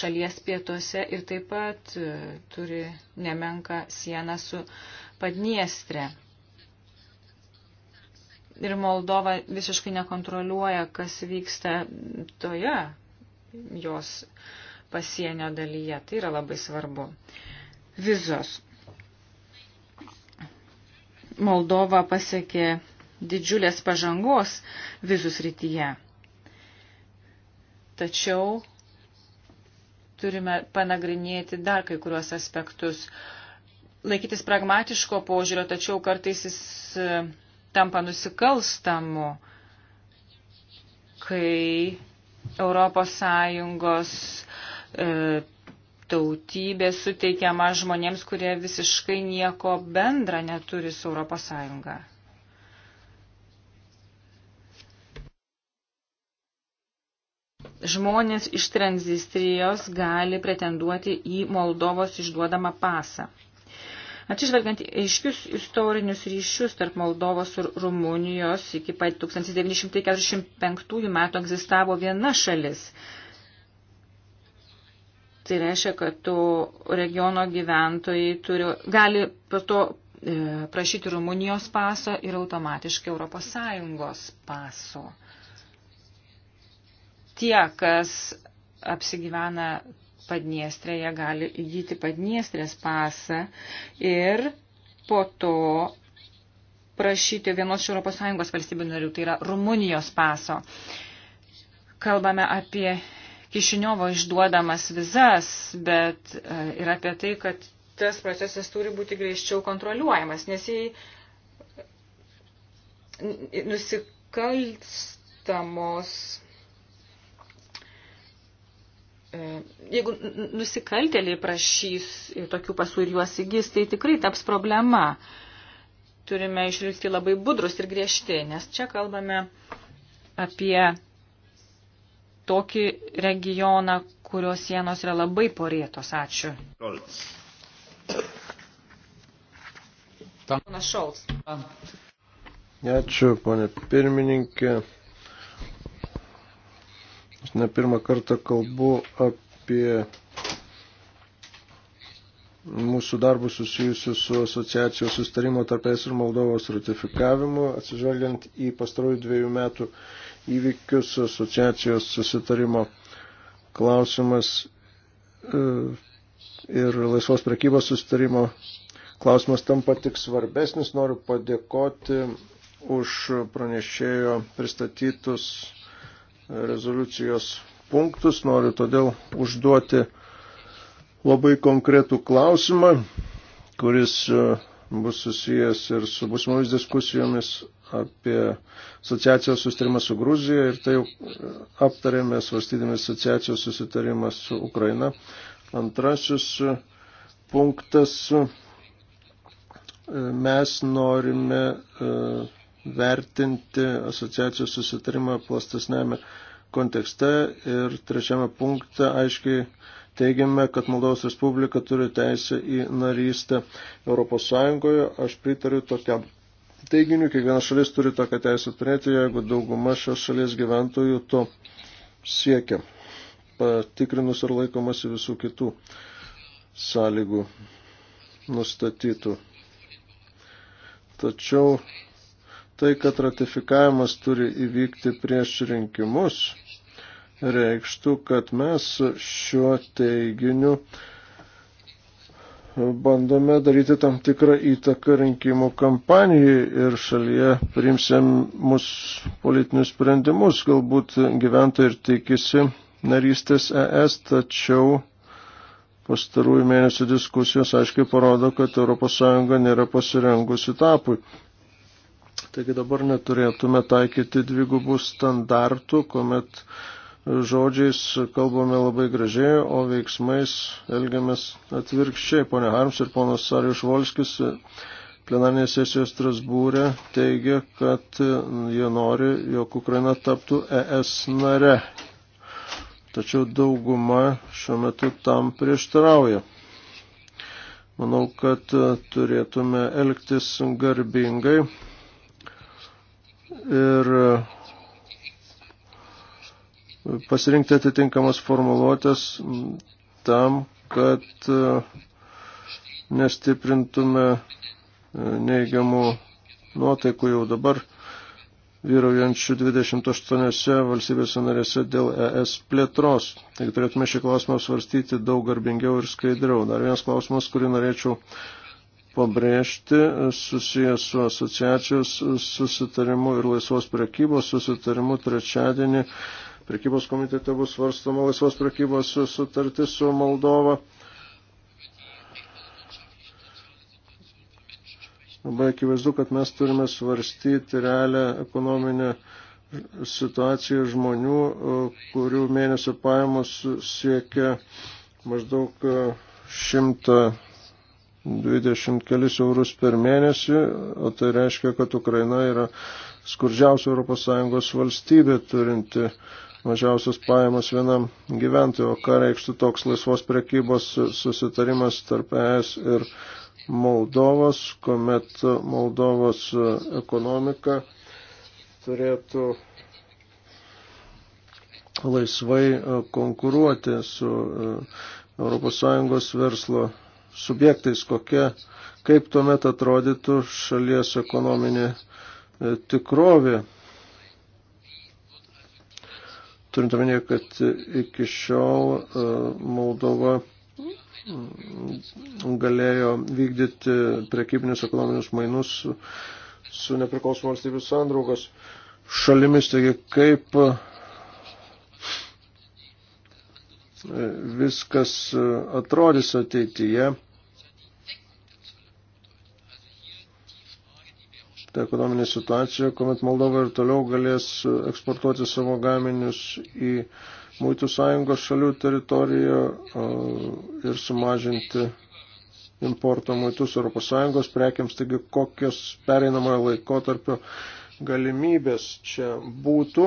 šalies pietuose ir taip pat e, turi nemenka sieną su Padniestre ir Moldova visiškai nekontroliuoja, kas vyksta toje jos pasienio dalyje. Tai yra labai svarbu. Vizos. Moldova pasiekė didžiulės pažangos vizų srityje. Tačiau turime panagrinėti dar kai kuriuos aspektus. Laikytis pragmatiško požiūrio, tačiau kartais jis tampa nusikalstamu, kai ES e, tautybė suteikiama žmonėms, kurie visiškai nieko bendra neturi su ES. Žmonės iš Tranzistrijos gali pretenduoti į Moldovos išduodamą pasą. Atsižvelgiant aiškius istorinius ryšius tarp Moldovos ir Rumunijos, iki pat 1945 metų egzistavo viena šalis. Tai reiškia, kad to regiono gyventojai turi, gali po to e, prašyti Rumunijos paso ir automatiškai Europos Sąjungos paso. Tie, kas apsigyvena Padniestrę, jie gali įgyti Padniestrės pasą ir po to prašyti vienos iš ES valstybių narių, tai yra Rumunijos paso. Kalbame apie Kišiniovo išduodamas vizas, bet e, ir apie tai, kad tas procesas turi būti greičiau kontroliuojamas, nes jei nusikalstamos E, jeigu nusikaltėliai prašys tokių pasų ir juos įgys, tai tikrai taps problema. Turime išlikti labai budrus ir griežti, nes čia kalbame apie tokį regioną, kurios sienos yra labai porėtos. Ačiū. Ponas Šolts. Ačiū, ponė pirmininkė. Aš ne pirmą kartą kalbu apie mūsų darbus susijusius su asociacijos sustarimo tarp es ir Moldovos ratifikavimu, atsižvelgiant į pastarųjų dviejų metų įvykius asociacijos susitarimo klausimas e, ir laisvos prekybos sustarimo klausimas tampa tik svarbesnis. Noriu padėkoti už pranešėjo pristatytus rezoliucijos punktus, noriu todėl užduoti labai konkretų klausimą, kuris e, bus susijęs ir su busmomis diskusijomis apie asociacijos sustarimą su Gruzija ir tai e, aptarėme svarstydami asociacijos susitarimą su Ukraina. Antrasis e, punktas. Mes norime vertinti asociacijos susitarimą plastesnėme kontekste ir trečiame punkte aiškiai teigiame, kad Moldovos Respublika turi teisę į narystę Europos Sąjungoje. Aš pritariu tokiam teiginiu, kiekviena šalis turi tokią teisę turėti, jeigu dauguma šios šalies gyventojų to siekia, patikrinus ar laikomasi visų kitų sąlygų nustatytų. Tačiau tai, kad ratifikavimas turi įvykti prieš rinkimus, reikštų, kad mes šiuo teiginiu bandome daryti tam tikrą įtaką rinkimų kampanijai ir šalyje priimsim mus politinius sprendimus. Galbūt gyventojai ir tikisi narystės ES, tačiau pastarųjų mėnesių diskusijos aiškiai parodo, kad ES nėra pasirengusi tapui. Taigi dabar neturėtume taikyti dvigubų standartų, kuomet žodžiais kalbame labai gražiai, o veiksmais elgiamės atvirkščiai. Pone Harms ir ponas Sarius Volskis plenarinėje sesijoje Strasbūrė teigia, kad jie nori, jog Ukraina taptų ES nare. Tačiau dauguma šiuo metu tam prieštarauja. Manau, kad turėtume elgtis garbingai ir e, pasirinkti atitinkamas formuluotės tam, kad e, nestiprintume e, neigiamų nuotaikų jau dabar vyraujančių 28 valstybėse narėse dėl ES plėtros. Taigi turėtume šį klausimą svarstyti daug garbingiau ir skaidriau. Dar vienas klausimas, kurį norėčiau pabrėžti e, susijęs su asociacijos e, susitarimu ir laisvos prekybos susitarimu trečiadienį. Prekybos komitete bus svarstama laisvos prekybos sutartis su Moldova. Labai akivaizdu, kad mes turime svarstyti realią ekonominę situaciją žmonių, e, kurių mėnesio pajamos siekia maždaug 100 20 kelis eurus per mėnesį, o tai reiškia, kad Ukraina yra skurdžiausia ES valstybė turinti mažiausias pajamas vienam gyventojui, o ką reikštų toks laisvos prekybos susitarimas tarp ES ir Moldovos, kuomet Moldovos ekonomika turėtų laisvai konkuruoti su ES verslo subjektais, kokia, kaip tuomet atrodytų šalies ekonominė e, tikrovė. Turint omenyje, kad iki šiol e, Moldova galėjo vykdyti prekybinius ekonominius mainus su nepriklausomų valstybių sandraugos šalimis, taigi kaip e, viskas atrodys ateityje. ta ekonominė situacija, kuomet Moldova ir toliau galės eksportuoti savo gaminius į Mūtų sąjungos šalių teritoriją ir sumažinti importo muitus Europos Sąjungos prekiams, taigi kokios pereinamojo laikotarpio galimybės čia būtų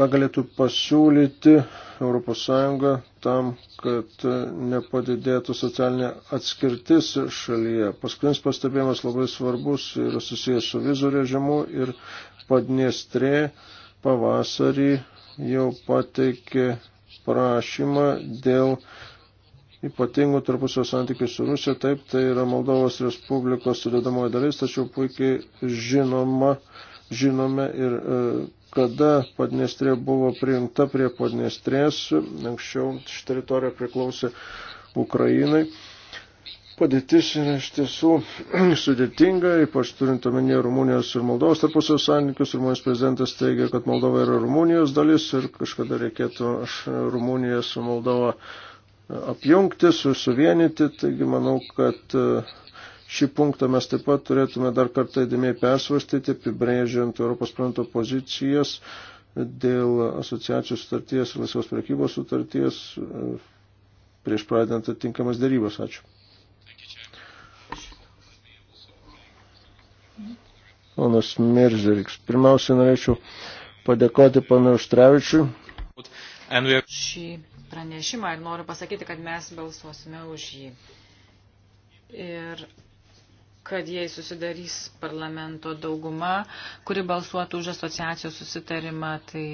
ką galėtų pasiūlyti ES tam, kad nepadidėtų socialinė atskirtis šalyje. Paskutinis pastebėjimas labai svarbus yra susijęs su vizų režimu ir Padniestrė pavasarį jau pateikė prašymą dėl ypatingų tarpusio santykių su Rusija. Taip, tai yra Moldovos Respublikos sudėdamoji dalis, tačiau puikiai žinoma, Žinome ir e, kada Padnestrė buvo priimta prie Padnestrės, anksčiau ši teritorija priklausė Ukrainai. Padėtis yra iš tiesų sudėtinga, ypač turint omenyje Rumunijos ir Moldovos tarpusio santykius. Rumunijos prezidentas teigia, kad Moldova yra Rumunijos dalis ir kažkada reikėtų Rumuniją su Moldova apjungti, susivienyti. Taigi manau, kad e, Šį punktą mes taip pat turėtume dar kartą įdėmiai persvarstyti, apibrėžiant Europos parlamento pozicijas dėl asociacijos sutarties ir laisvos prekybos sutarties e, prieš pradedant atitinkamas darybas. Ačiū. Ponas Mirzeliks. Pirmiausia, norėčiau padėkoti panui Užtrevičiui. Šį pranešimą ir noriu pasakyti, kad mes balsuosime už jį. Ir kad jei susidarys parlamento dauguma, kuri balsuotų už asociacijos susitarimą, tai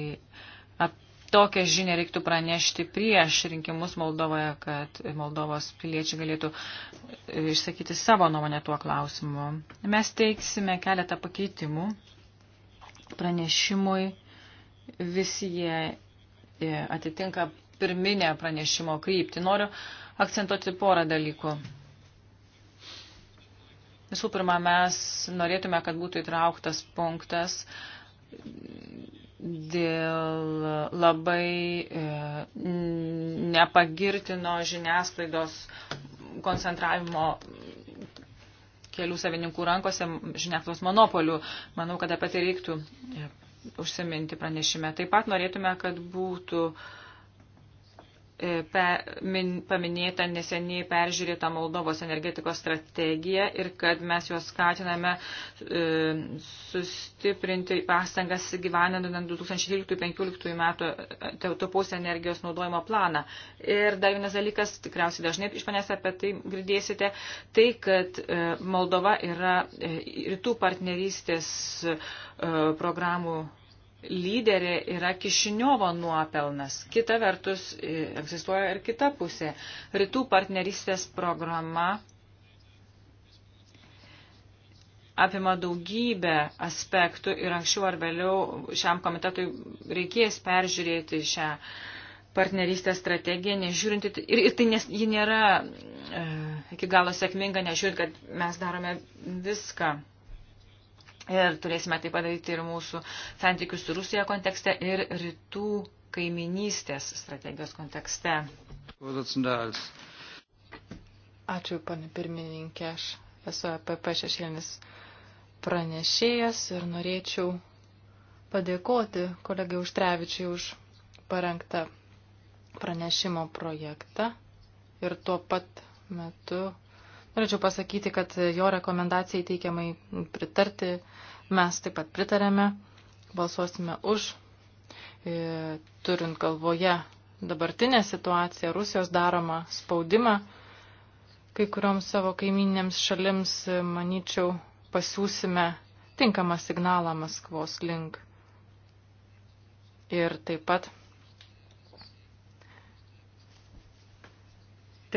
ap, tokią žinę reiktų pranešti prieš rinkimus Moldovoje, kad Moldovos piliečiai galėtų e, išsakyti savo nuomonę tuo klausimu. Mes teiksime keletą pakeitimų pranešimui, visi jie e, atitinka pirminę pranešimo kryptį. Noriu akcentuoti porą dalykų. Visų pirma, mes norėtume, kad būtų įtrauktas punktas dėl labai e, nepagirtino žiniasklaidos koncentravimo kelių savininkų rankose žiniasklaidos monopolių. Manau, kad apie tai reiktų e, užsiminti pranešime. Taip pat norėtume, kad būtų uh, E, paminėta neseniai peržiūrėta Moldovos energetikos strategija ir kad mes juos skatiname e, sustiprinti pastangas gyvenant 2013-2015 metų e, taupos energijos naudojimo planą. Ir dar vienas dalykas, tikriausiai dažnai iš manęs apie tai girdėsite, tai kad Moldova yra rytų partnerystės programų lyderė yra Kišiniovo nuopelnas. Kita vertus, e, egzistuoja ir kita pusė. Rytų partnerystės programa apima daugybę aspektų ir anksčiau ar vėliau šiam komitetui reikės peržiūrėti šią partnerystės strategiją, nežiūrint, ir, ir tai nes, ji nėra e, iki galo sėkminga, nežiūrint, kad mes darome viską. Ir turėsime tai padaryti ir mūsų santykių su Rusija kontekste ir rytų kaiminystės strategijos kontekste. Ačiū, pane pirmininkė. Aš esu APP e šešėlinis pranešėjas ir norėčiau padėkoti kolegai Užtrevičiai už parengtą pranešimo projektą ir tuo pat metu Norėčiau pasakyti, kad jo rekomendacijai teikiamai pritarti mes taip pat pritarėme, balsuosime už, e, turint galvoje dabartinę situaciją, Rusijos daromą spaudimą kai kurioms savo kaiminėms šalims, e, manyčiau, pasiūsime tinkamą signalą Maskvos link. Ir taip pat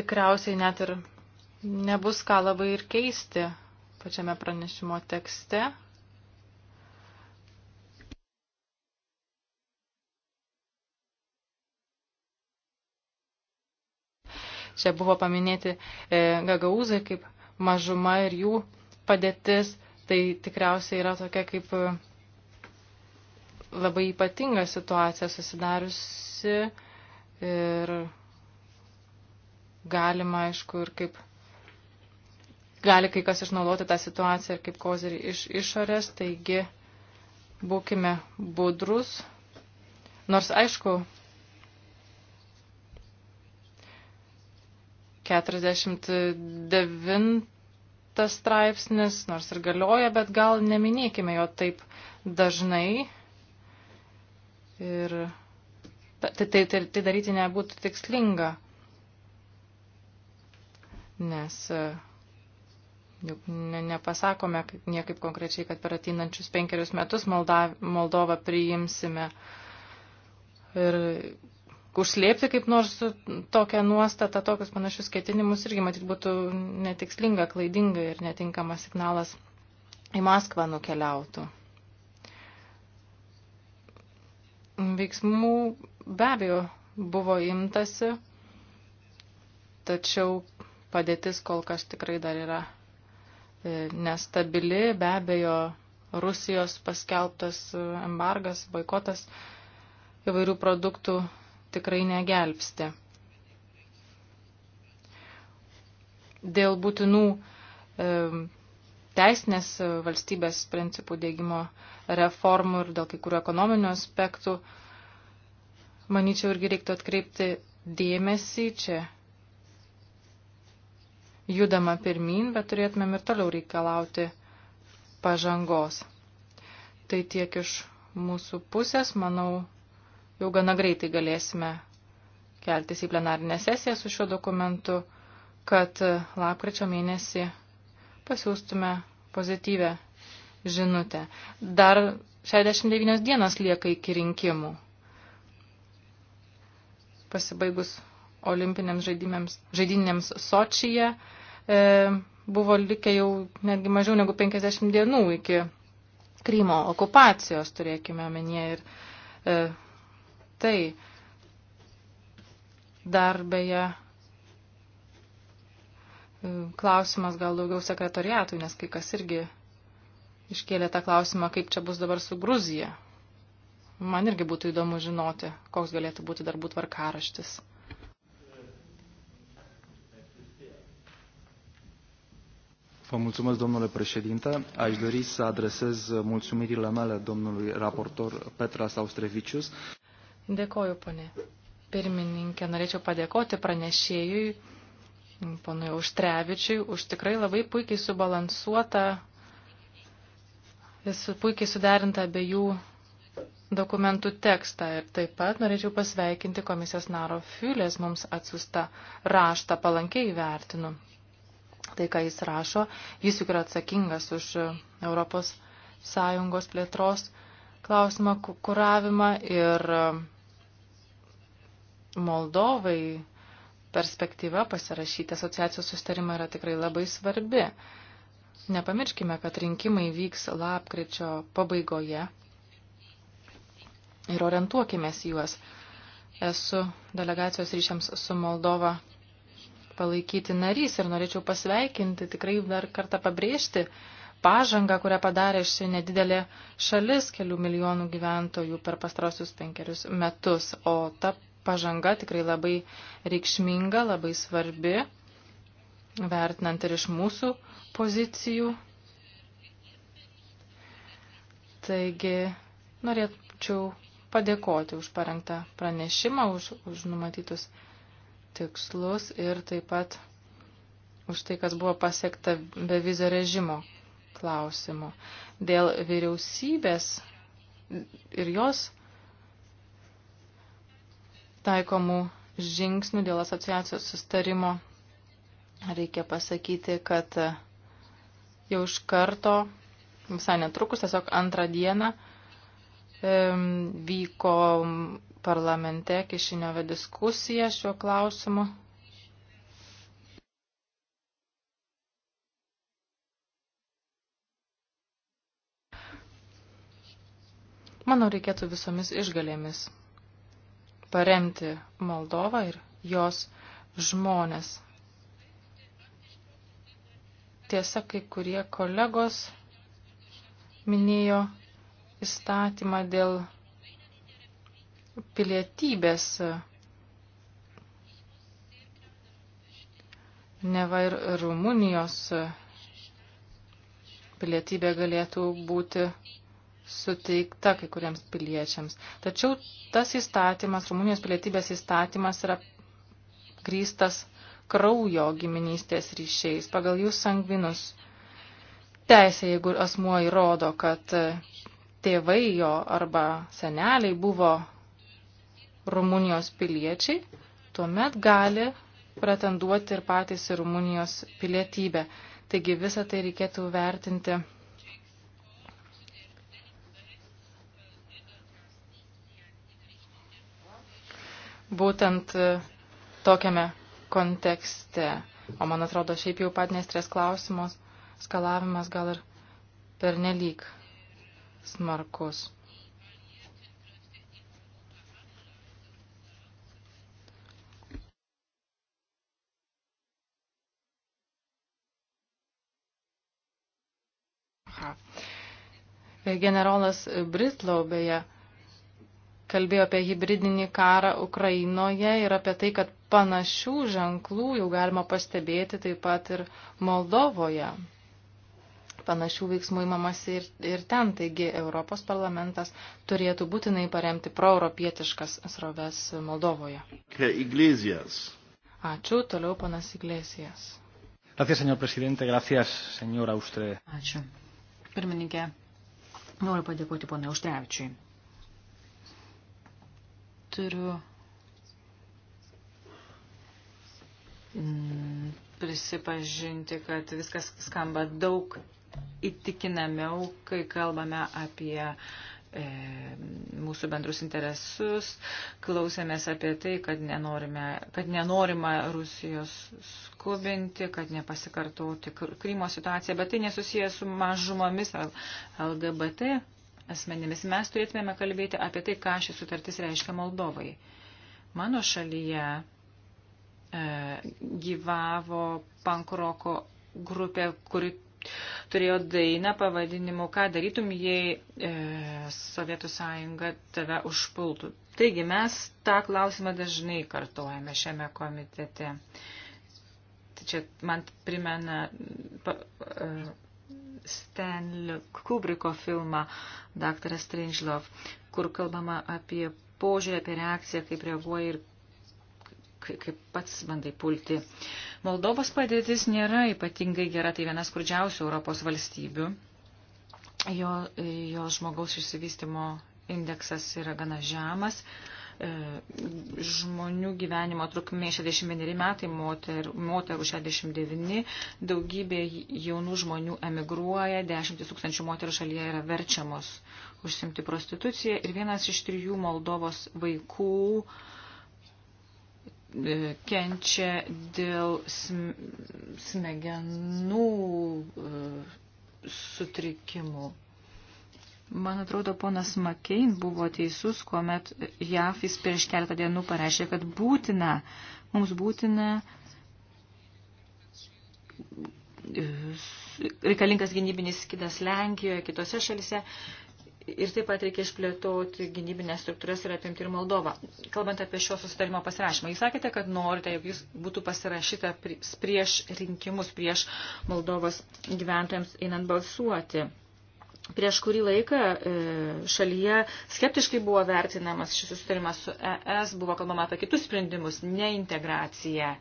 tikriausiai net ir Nebus ką labai ir keisti pačiame pranešimo tekste. Čia buvo paminėti e, gagaūzai kaip mažuma ir jų padėtis. Tai tikriausiai yra tokia kaip e, labai ypatinga situacija susidariusi ir galima, aišku, ir kaip gali kai kas išnaudoti tą situaciją ir kaip kozirį iš išorės, taigi būkime budrus. Nors aišku, 49 straipsnis, nors ir galioja, bet gal neminėkime jo taip dažnai. Ir tai, tai, tai, tai daryti nebūtų tikslinga, nes uh, Juk ne, nepasakome niekaip konkrečiai, kad per ateinančius penkerius metus Moldav, Moldovą priimsime. Ir užslėpti kaip nors tokią nuostatą, tokius panašius ketinimus irgi matyt būtų netikslinga, klaidinga ir netinkamas signalas į Maskvą nukeliautų. Veiksmų be abejo buvo imtasi, tačiau padėtis kol kas tikrai dar yra E, nestabili, be abejo, Rusijos paskelbtas e, embargas, boikotas įvairių produktų tikrai negelbsti. Dėl būtinų e, teisinės valstybės principų dėgymo reformų ir dėl kai kurių ekonominių aspektų, manyčiau, irgi reiktų atkreipti dėmesį čia judama pirmin, bet turėtumėm ir toliau reikalauti pažangos. Tai tiek iš mūsų pusės, manau, jau gana greitai galėsime keltis į plenarinę sesiją su šiuo dokumentu, kad lapkričio mėnesį pasiūstume pozityvę žinutę. Dar 69 dienas lieka iki rinkimų. Pasibaigus olimpinėms žaidinėms Sočyje E, buvo likę jau netgi mažiau negu 50 dienų iki Krymo okupacijos, turėkime omenyje ir e, tai dar beje e, klausimas gal daugiau sekretariatui, nes kai kas irgi iškėlė tą klausimą, kaip čia bus dabar su Gruzija. Man irgi būtų įdomu žinoti, koks galėtų būti darbų tvarkaraštis. Vă mulțumesc, domnule președinte. Aș dori să adresez mulțumirile mele domnului raportor Petra Saustrevicius. Dėkoju, ponė. Pirmininkė, norėčiau padėkoti pranešėjui, ponui Užtrevičiui, už tikrai labai puikiai subalansuotą, puikiai suderintą abiejų dokumentų tekstą ir taip pat norėčiau pasveikinti komisijos naro Fiulės mums atsiusta raštą palankiai vertinu tai, ką jis rašo. Jis juk yra atsakingas už Europos Sąjungos plėtros klausimą, kuravimą ir um, Moldovai perspektyva pasirašyti asociacijos sustarimą yra tikrai labai svarbi. Nepamirškime, kad rinkimai vyks lapkričio pabaigoje ir orientuokimės juos. Esu delegacijos ryšiams su Moldova palaikyti narys ir norėčiau pasveikinti, tikrai dar kartą pabrėžti pažangą, kurią padarė ši nedidelė šalis kelių milijonų gyventojų per pastrosius penkerius metus. O ta pažanga tikrai labai reikšminga, labai svarbi, vertinant ir iš mūsų pozicijų. Taigi norėčiau padėkoti už parengtą pranešimą, už, už numatytus tikslus ir taip pat už tai, kas buvo pasiekta bevizio režimo klausimu. Dėl vyriausybės ir jos taikomų žingsnių dėl asociacijos sustarimo reikia pasakyti, kad jau iš karto, visai netrukus, tiesiog antrą dieną vyko parlamente Kišiniove diskusiją šiuo klausimu. Manau, reikėtų visomis išgalėmis paremti Moldovą ir jos žmonės. Tiesa, kai kurie kolegos minėjo įstatymą dėl pilietybės neva ir Rumunijos pilietybė galėtų būti suteikta kai kuriems piliečiams. Tačiau tas įstatymas, Rumunijos pilietybės įstatymas yra grįstas kraujo giminystės ryšiais, pagal jų sangvinus teisė, jeigu asmuo įrodo, kad tėvai jo arba seneliai buvo Rumunijos piliečiai, tuomet gali pretenduoti ir patys į Rumunijos pilietybę. Taigi visą tai reikėtų vertinti būtent e, tokiame kontekste. O man atrodo, šiaip jau padnestrės klausimos skalavimas gal ir pernelyg smarkus. Generolas Britlau beje kalbėjo apie hybridinį karą Ukrainoje ir apie tai, kad panašių ženklų jau galima pastebėti taip pat ir Moldovoje. Panašių veiksmų įmamasi ir, ir ten, taigi Europos parlamentas turėtų būtinai paremti proeuropietiškas sroves Moldovoje. Ačiū, toliau panas Iglesijas. Gracias, señor presidente, gracias, señora Ustre. Ačiū. Pirmininkė, Noriu padėkoti ponai Užtrevičiui. Turiu prisipažinti, kad viskas skamba daug įtikinamiau, kai kalbame apie uh, E, mūsų bendrus interesus, klausėmės apie tai, kad, nenorime, kad nenorima Rusijos skubinti, kad nepasikartoti Krymo situaciją, bet tai nesusijęs su mažumomis LGBT asmenimis. Mes turėtume kalbėti apie tai, ką šis sutartis reiškia Moldovai. Mano šalyje e, gyvavo pankroko grupė, kuri Turėjo dainą pavadinimu, ką darytum, jei e, Sovietų sąjunga tave užpultų. Taigi mes tą klausimą dažnai kartojame šiame komitete. Tai čia man primena pa, e, Stanley Kubriko filmą Dr. Strangelove, kur kalbama apie požiūrį, apie reakciją, kaip reaguoja ir kaip pats bandai pulti. E, Moldovos padėtis nėra ypatingai gera, tai vienas skurdžiausių Europos valstybių. Jo, jo žmogaus išsivystimo indeksas yra gana žemas. E, žmonių gyvenimo trukmė 61 metai, moter, moterų 69, daugybė jaunų žmonių emigruoja, 10 tūkstančių moterų šalyje yra verčiamos užsimti prostituciją ir vienas iš trijų Moldovos vaikų uh, E, kenčia dėl smegenų e, sutrikimų. Man atrodo, ponas McCain buvo teisus, kuomet JAF jis prieš keletą dienų pareiškė, kad būtina, mums būtina e, reikalingas gynybinis skydas Lenkijoje, kitose šalise, Ir taip pat reikia išplėtoti gynybinės struktūras ir apimti ir Moldovą. Kalbant apie šio susitarimo pasirašymą, jūs sakėte, kad norite, jog jis būtų pasirašyta prieš rinkimus, prieš Moldovos gyventojams einant balsuoti. Prieš kurį laiką e, šalyje skeptiškai buvo vertinamas šis susitarimas su ES, buvo kalbama apie kitus sprendimus, ne integraciją.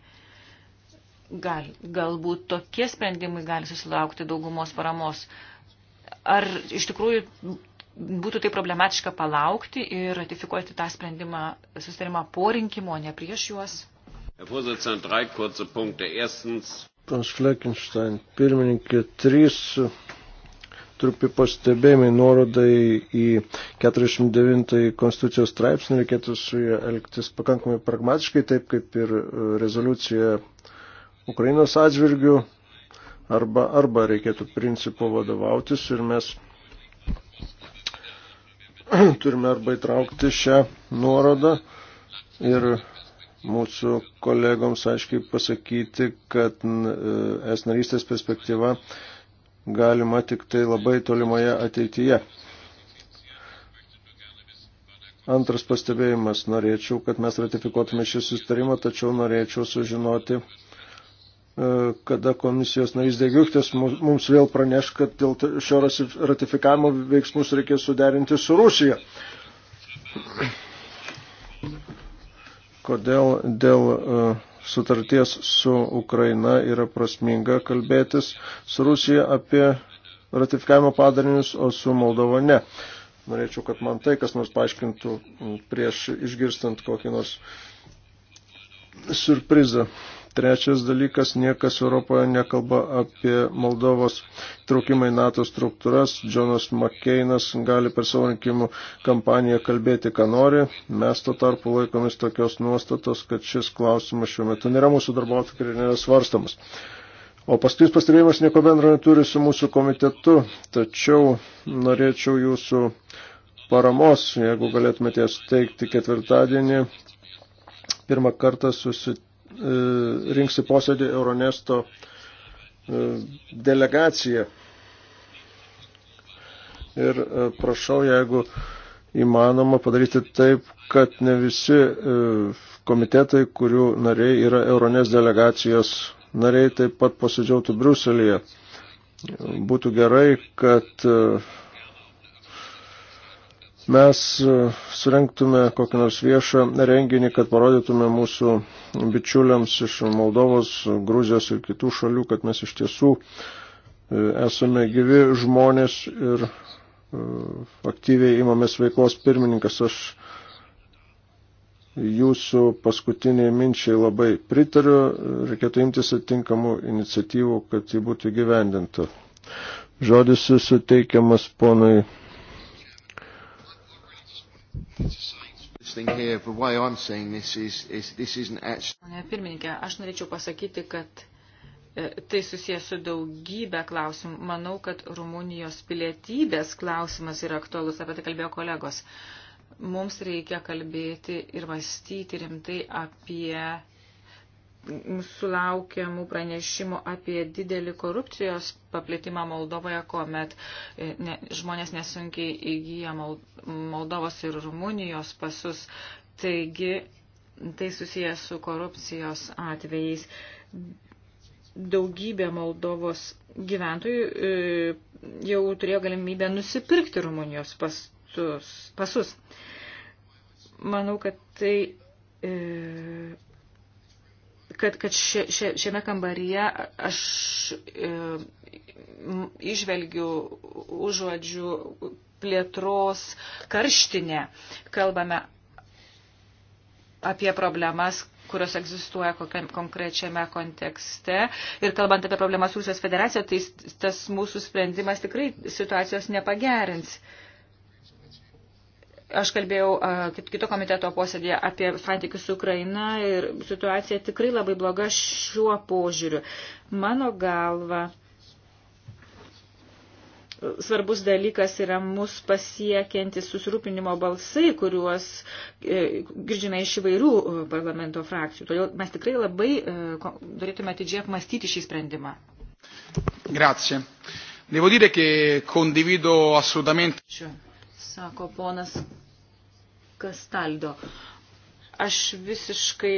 Gal, galbūt tokie sprendimai gali susilaukti daugumos paramos ar iš tikrųjų būtų tai problematiška palaukti ir ratifikuoti tą sprendimą, susitarimą po rinkimo, ne prieš juos. Pans Fleckenstein, pirmininkė, trys trupi pastebėjimai nuorodai į 49 konstitucijos straipsnį, reikėtų su jie elgtis pakankamai pragmatiškai, taip kaip ir e, rezoliucija Ukrainos atžvilgių, arba, arba reikėtų principo vadovautis ir mes turime arba įtraukti šią nuorodą ir mūsų kolegoms aiškiai pasakyti, kad e, es narystės perspektyva galima tik tai labai tolimoje ateityje. Antras pastebėjimas. Norėčiau, kad mes ratifikuotume šį sustarimą, tačiau norėčiau sužinoti, E, kada komisijos narys Degiuktis mums vėl praneš, kad dėl šio ratifikavimo veiksmus reikės suderinti su Rusija. Kodėl dėl e, sutarties su Ukraina yra prasminga kalbėtis su Rusija apie ratifikavimo padarinius, o su Moldova ne. Norėčiau, kad man tai kas nors paaiškintų prieš išgirstant kokį nors surprizą Trečias dalykas, niekas Europoje nekalba apie Moldovos traukimą į NATO struktūras. Džonas Makeinas gali per savo rinkimų kampaniją kalbėti, ką nori. Mes to tarpu laikomės tokios nuostatos, kad šis klausimas šiuo metu nėra mūsų darbo atkarė, nėra svarstamas. O paskutinis pastebėjimas nieko bendro neturi su mūsų komitetu, tačiau norėčiau jūsų paramos, jeigu galėtumėte jas teikti ketvirtadienį. Pirmą kartą susitikti E, rinksi posėdį Euronesto e, delegacija. Ir e, prašau, jeigu įmanoma padaryti taip, kad ne visi komitetai, kurių nariai yra Euronės delegacijos nariai, taip pat posėdžiautų Briuselėje. Būtų gerai, kad mes e, surenktume kokį nors viešą renginį, kad parodytume mūsų bičiuliams iš Moldovos, Gruzijos ir kitų šalių, kad mes iš tiesų e, esame gyvi žmonės ir e, aktyviai imamės veiklos pirmininkas. Aš jūsų paskutiniai minčiai labai pritariu, reikėtų imtis atinkamų iniciatyvų, kad jį būtų gyvendinta. Žodis suteikiamas ponui Pane pirmininkė, aš norėčiau pasakyti, kad e, tai susijęs su daugybė klausimų. Manau, kad Rumunijos pilietybės klausimas yra aktualus, apie tai kalbėjo kolegos. Mums reikia kalbėti ir mąstyti rimtai apie sulaukiamų pranešimų apie didelį korupcijos paplitimą Moldovoje, kuomet e, ne, žmonės nesunkiai įgyja Moldovos ir Rumunijos pasus. Taigi, tai susijęs su korupcijos atvejais. Daugybė Moldovos gyventojų e, jau turėjo galimybę nusipirkti Rumunijos pastus, pasus. Manau, kad tai. E, kad, kad šia, šia, šiame kambaryje aš e, išvelgiu užuodžių plėtros karštinę. Kalbame apie problemas, kurios egzistuoja kokiam konkrečiame kontekste. Ir kalbant apie problemas Rusijos federacijoje, tai tas mūsų sprendimas tikrai situacijos nepagerins. E, Aš kalbėjau kito komiteto posėdėje apie santykius su Ukraina ir situacija tikrai labai bloga šiuo požiūriu. Mano galva, svarbus dalykas yra mus pasiekiantis susirūpinimo balsai, kuriuos e, girdžiame iš įvairių e, parlamento frakcijų. Todėl mes tikrai labai turėtume e, atidžiai apmastyti šį sprendimą. Grazie. Devo dire che condivido assolutamente. Sure sako ponas Kastaldo. Aš visiškai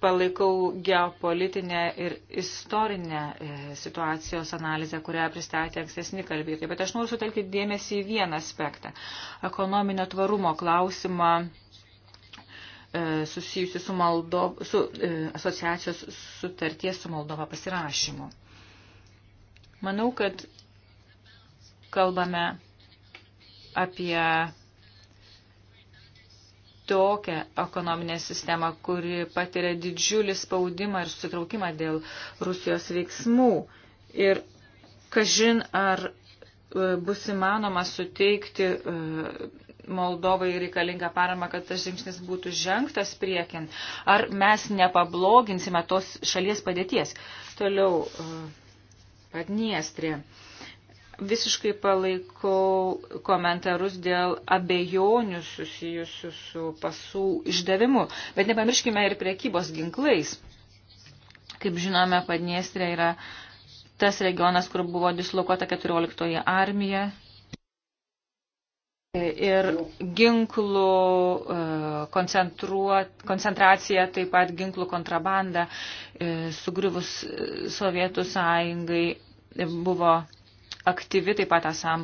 palaikau geopolitinę ir istorinę e, situacijos analizę, kurią pristatė ankstesni kalbėtojai, bet aš noriu sutelkti dėmesį į vieną aspektą - ekonominio tvarumo klausimą e, susijusi su, Maldo, su e, asociacijos sutarties su Moldova pasirašymu. Manau, kad kalbame apie tokią ekonominę sistemą, kuri patiria didžiulį spaudimą ir sutraukimą dėl Rusijos veiksmų. Ir kažin ar e, bus įmanoma suteikti e, Moldovai reikalingą paramą, kad tas žingsnis būtų žengtas priekin. Ar mes nepabloginsime tos šalies padėties? Toliau e, Padniestrė. Uh, visiškai palaikau komentarus dėl abejonių susijusių su pasų išdavimu. Bet nepamirškime ir priekybos ginklais. Kaip žinome, Padniestrė yra tas regionas, kur buvo dislokuota 14 armija. Ir ginklų e, koncentracija, taip pat ginklų kontrabanda, e, sugriuvus e, Sovietų sąjungai, buvo aktyvi taip pat esam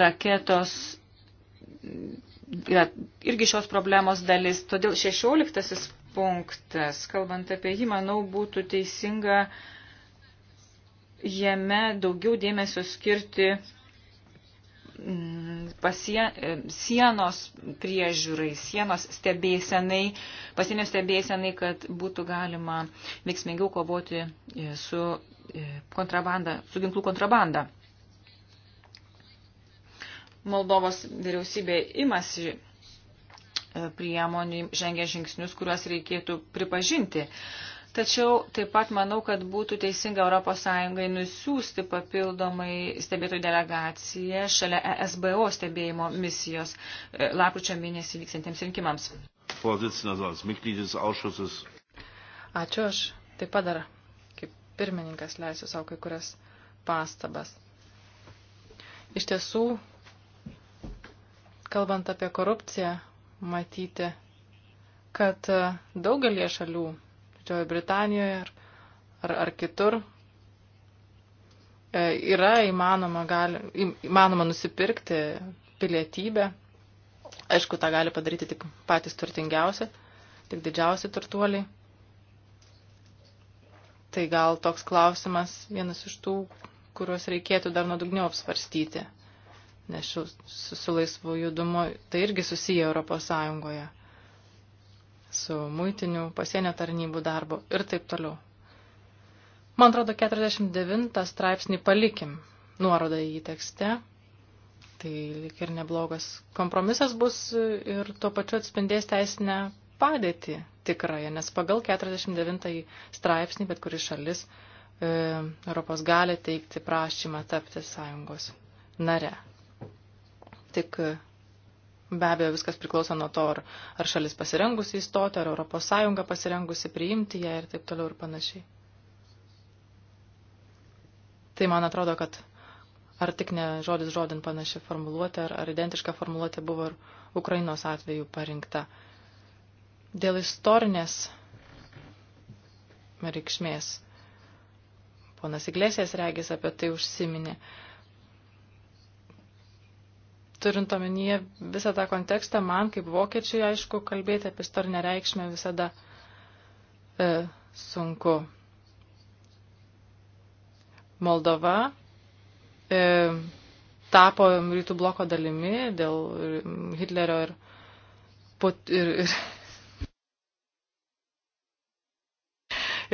raketos yra irgi šios problemos dalis. Todėl šešioliktasis punktas, kalbant apie jį, manau, būtų teisinga jame daugiau dėmesio skirti mm, pasie, sienos priežiūrai, sienos stebėsenai, pasienio stebėsenai, kad būtų galima veiksmingiau kovoti e, su e, kontrabanda, su ginklų kontrabanda. Moldovos vyriausybė imasi e, priemonių, žengia žingsnius, kuriuos reikėtų pripažinti. Tačiau taip pat manau, kad būtų teisinga ES nusiųsti papildomai stebėtojų delegaciją šalia ESBO stebėjimo misijos e, lapkričio mėnesį vyksantiems rinkimams. Ačiū, aš taip pat dar kaip pirmininkas leisiu savo kai kurias pastabas. Iš tiesų, kalbant apie korupciją, matyti, kad e, daugelie šalių, Didžiojo Britanijoje ar, ar, ar kitur, e, yra įmanoma, gali, įmanoma nusipirkti pilietybę. Aišku, tą gali padaryti tik patys turtingiausi, tik didžiausi turtuoliai. Tai gal toks klausimas vienas iš tų, kuriuos reikėtų dar nuodugniau apsvarstyti nes šių, su, su laisvu judumu tai irgi susiję Europos Sąjungoje, su muitiniu, pasienio tarnybų darbu ir taip toliau. Man atrodo, 49 straipsnį palikim nuorodą į tekste. Tai lik ir neblogas kompromisas bus ir tuo pačiu atspindės teisinę padėtį tikrąją, nes pagal 49 straipsnį, bet kuris šalis, e, Europos gali teikti prašymą tapti sąjungos nare. Tik be abejo viskas priklauso nuo to, ar, ar šalis pasirengusi įstoti, ar Europos Sąjunga pasirengusi priimti ją ir taip toliau ir panašiai. Tai man atrodo, kad ar tik ne žodis žodin panaši formuluotė, ar, ar identiška formuluotė buvo ir Ukrainos atveju parinkta. Dėl istorinės reikšmės. Ponas Iglesijas regis apie tai užsiminė. Uh, turint omenyje visą tą kontekstą, man kaip vokiečiai, aišku, kalbėti apie istorinę reikšmę visada e, sunku. Moldova e, tapo rytų bloko dalimi dėl e, Hitlerio ir, put, ir, ir,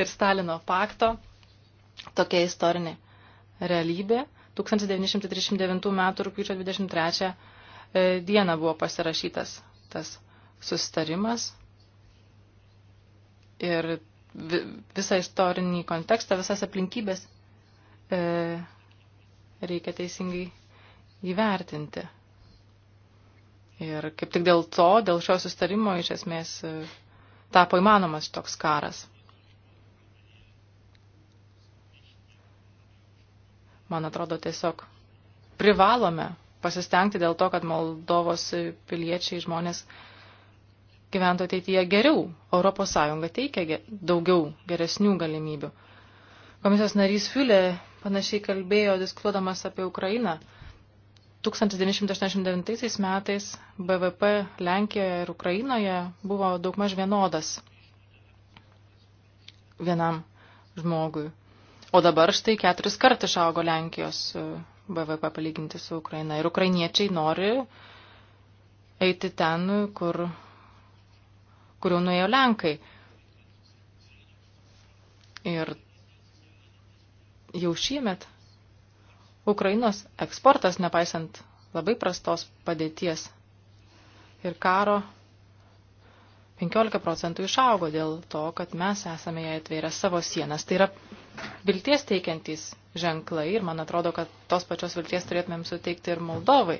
ir Stalino pakto. Tokia istorinė realybė. 1939 m. rūpiučio 23 dieną buvo pasirašytas tas sustarimas ir visą istorinį kontekstą, visas aplinkybės e, reikia teisingai įvertinti. Ir kaip tik dėl to, dėl šio sustarimo iš esmės e, tapo įmanomas toks karas. man atrodo, tiesiog privalome pasistengti dėl to, kad Moldovos piliečiai žmonės gyventų ateityje geriau. Europos Sąjunga teikia daugiau geresnių galimybių. Komisijos narys Fiulė panašiai kalbėjo, diskutuodamas apie Ukrainą. 1989 metais BVP Lenkijoje ir Ukrainoje buvo daugmaž vienodas vienam žmogui. O dabar štai keturis kart išaugo Lenkijos e, BVP palyginti su Ukraina. Ir ukrainiečiai nori eiti ten, kur, kur jau nuėjo Lenkai. Ir jau šiemet Ukrainos eksportas, nepaisant labai prastos padėties ir karo, 15 procentų išaugo dėl to, kad mes esame jai atvėrę savo sienas. Tai yra vilties teikiantys ženklai ir man atrodo, kad tos pačios vilties turėtumėm suteikti ir Moldovai.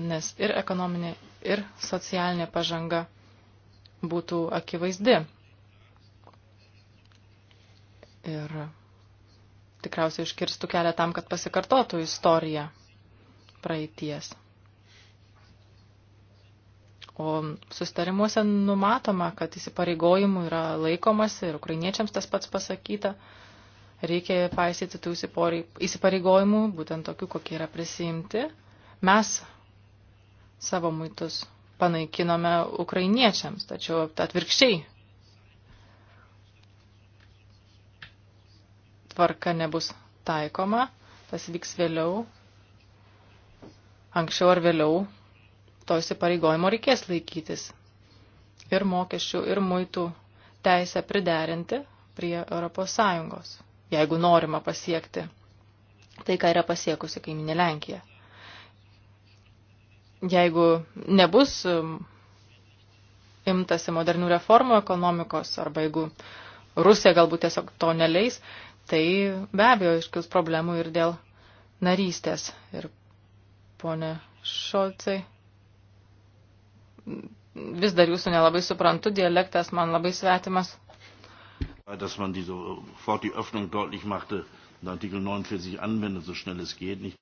Nes ir ekonominė, ir socialinė pažanga būtų akivaizdi. Ir tikriausiai iškirstų kelią tam, kad pasikartotų istorija praeities. O sustarimuose numatoma, kad įsipareigojimų yra laikomasi ir ukrainiečiams tas pats pasakyta. Reikia paisyti tų įsipareigojimų, būtent tokių, kokie yra prisimti. Mes savo muitus panaikinome ukrainiečiams, tačiau atvirkščiai tvarka nebus taikoma, tas vyks vėliau, anksčiau ar vėliau to įsipareigojimo reikės laikytis ir mokesčių, ir muitų teisę priderinti prie Europos Sąjungos, jeigu norima pasiekti tai, ką yra pasiekusi kaiminė Lenkija. Jeigu nebus um, imtasi modernių reformų ekonomikos, arba jeigu Rusija galbūt tiesiog to neleis, tai be abejo iškils problemų ir dėl narystės. Ir, ponė Šolcai, vis dar jūsų nelabai suprantu, dialektas man labai svetimas. Dass man die sofort die Öffnung deutlich machte und Artikel 49 anwendet, so schnell es geht. Nicht.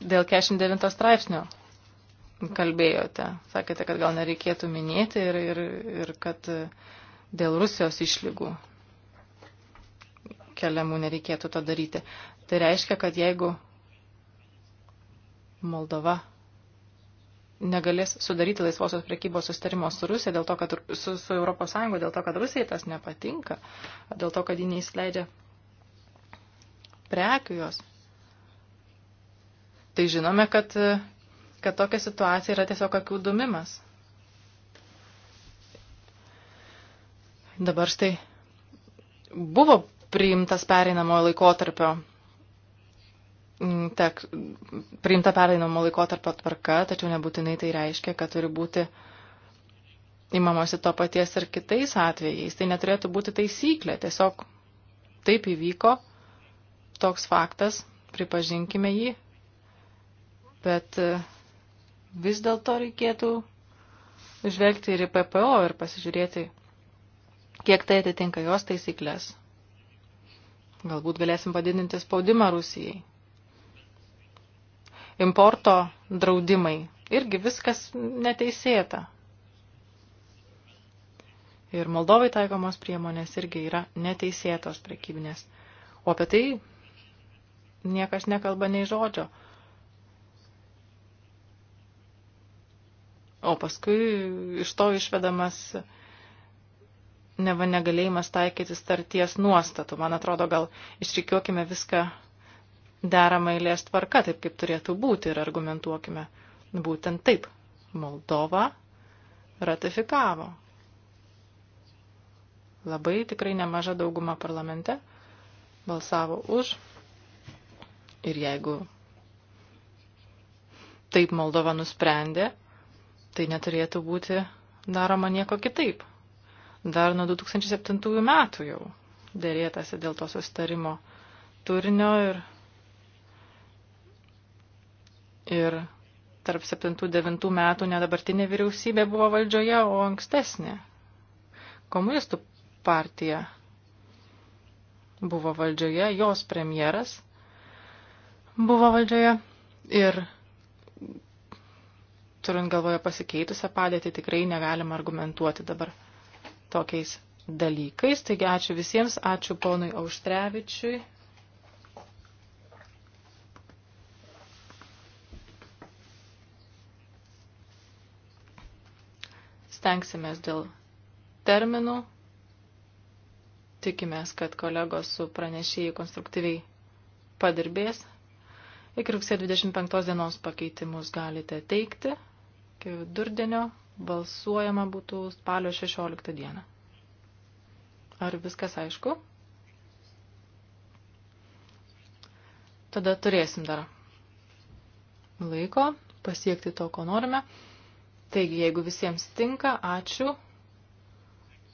Dėl 49 straipsnio kalbėjote. Sakėte, kad gal nereikėtų minėti ir, ir, ir kad dėl Rusijos išlygų keliamų nereikėtų to daryti. Tai reiškia, kad jeigu Moldova negalės sudaryti laisvosios prekybos sustarimo su Rusija, dėl to, kad su, su Europos Sąjungo, dėl to, kad Rusijai tas nepatinka, dėl to, kad ji neįsileidžia prekių jos. Tai žinome, kad, kad tokia situacija yra tiesiog akių dumimas. Dabar štai buvo priimtas pereinamojo laikotarpio Mm, tek, priimta pereinamo laikotarpio tvarka, tačiau nebūtinai tai reiškia, kad turi būti įmamosi to paties ir kitais atvejais. Tai neturėtų būti taisyklė, tiesiog taip įvyko toks faktas, pripažinkime jį, bet e, vis dėlto reikėtų žvelgti ir į PPO ir pasižiūrėti, kiek tai atitinka jos taisyklės. Galbūt galėsim padidinti spaudimą Rusijai importo draudimai. Irgi viskas neteisėta. Ir Moldovai taikomos priemonės irgi yra neteisėtos prekybinės. O apie tai niekas nekalba nei žodžio. O paskui iš to išvedamas neva negalėjimas taikytis starties nuostatų. Man atrodo, gal išrikiuokime viską deramą eilės tvarka, taip kaip turėtų būti ir argumentuokime. Būtent taip. Moldova ratifikavo. Labai tikrai nemaža dauguma parlamente balsavo už. Ir jeigu taip Moldova nusprendė, tai neturėtų būti daroma nieko kitaip. Dar nuo 2007 metų jau dėrėtasi dėl to susitarimo turinio ir Ir tarp 7-9 metų ne dabartinė vyriausybė buvo valdžioje, o ankstesnė. Komunistų partija buvo valdžioje, jos premjeras buvo valdžioje ir turint galvoje pasikeitusią padėtį tikrai negalima argumentuoti dabar tokiais dalykais. Taigi ačiū visiems, ačiū ponui Auštrevičiui. Stengsimės dėl terminų. Tikimės, kad kolegos su pranešėjai konstruktyviai padirbės. Iki rugsėjo 25 dienos pakeitimus galite teikti. Iki vidurdienio balsuojama būtų spalio 16 dieną. Ar viskas aišku? Tada turėsim dar laiko pasiekti to, ko norime. Taigi, jeigu visiems tinka, ačiū.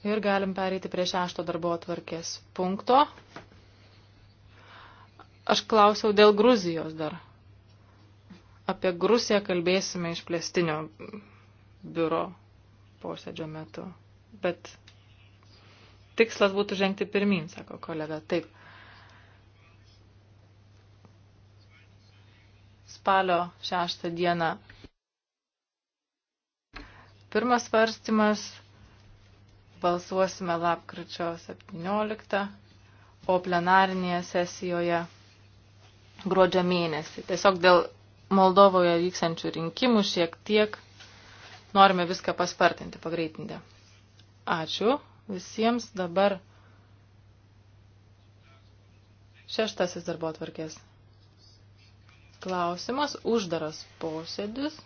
Ir galim pereiti prie šešto darbo atvarkės punkto. Aš klausiau dėl Gruzijos dar. Apie Gruziją kalbėsime iš plėstinio biuro posėdžio metu. Bet tikslas būtų žengti pirmin, sako kolega. Taip. Spalio šeštą dieną Pirmas svarstymas balsuosime lapkričio 17, o plenarinėje sesijoje gruodžio mėnesį. Tiesiog dėl Moldovoje vyksančių rinkimų šiek tiek norime viską paspartinti, pagreitinti. Ačiū visiems dabar. Šeštasis darbo atvarkės klausimas, uždaras posėdis.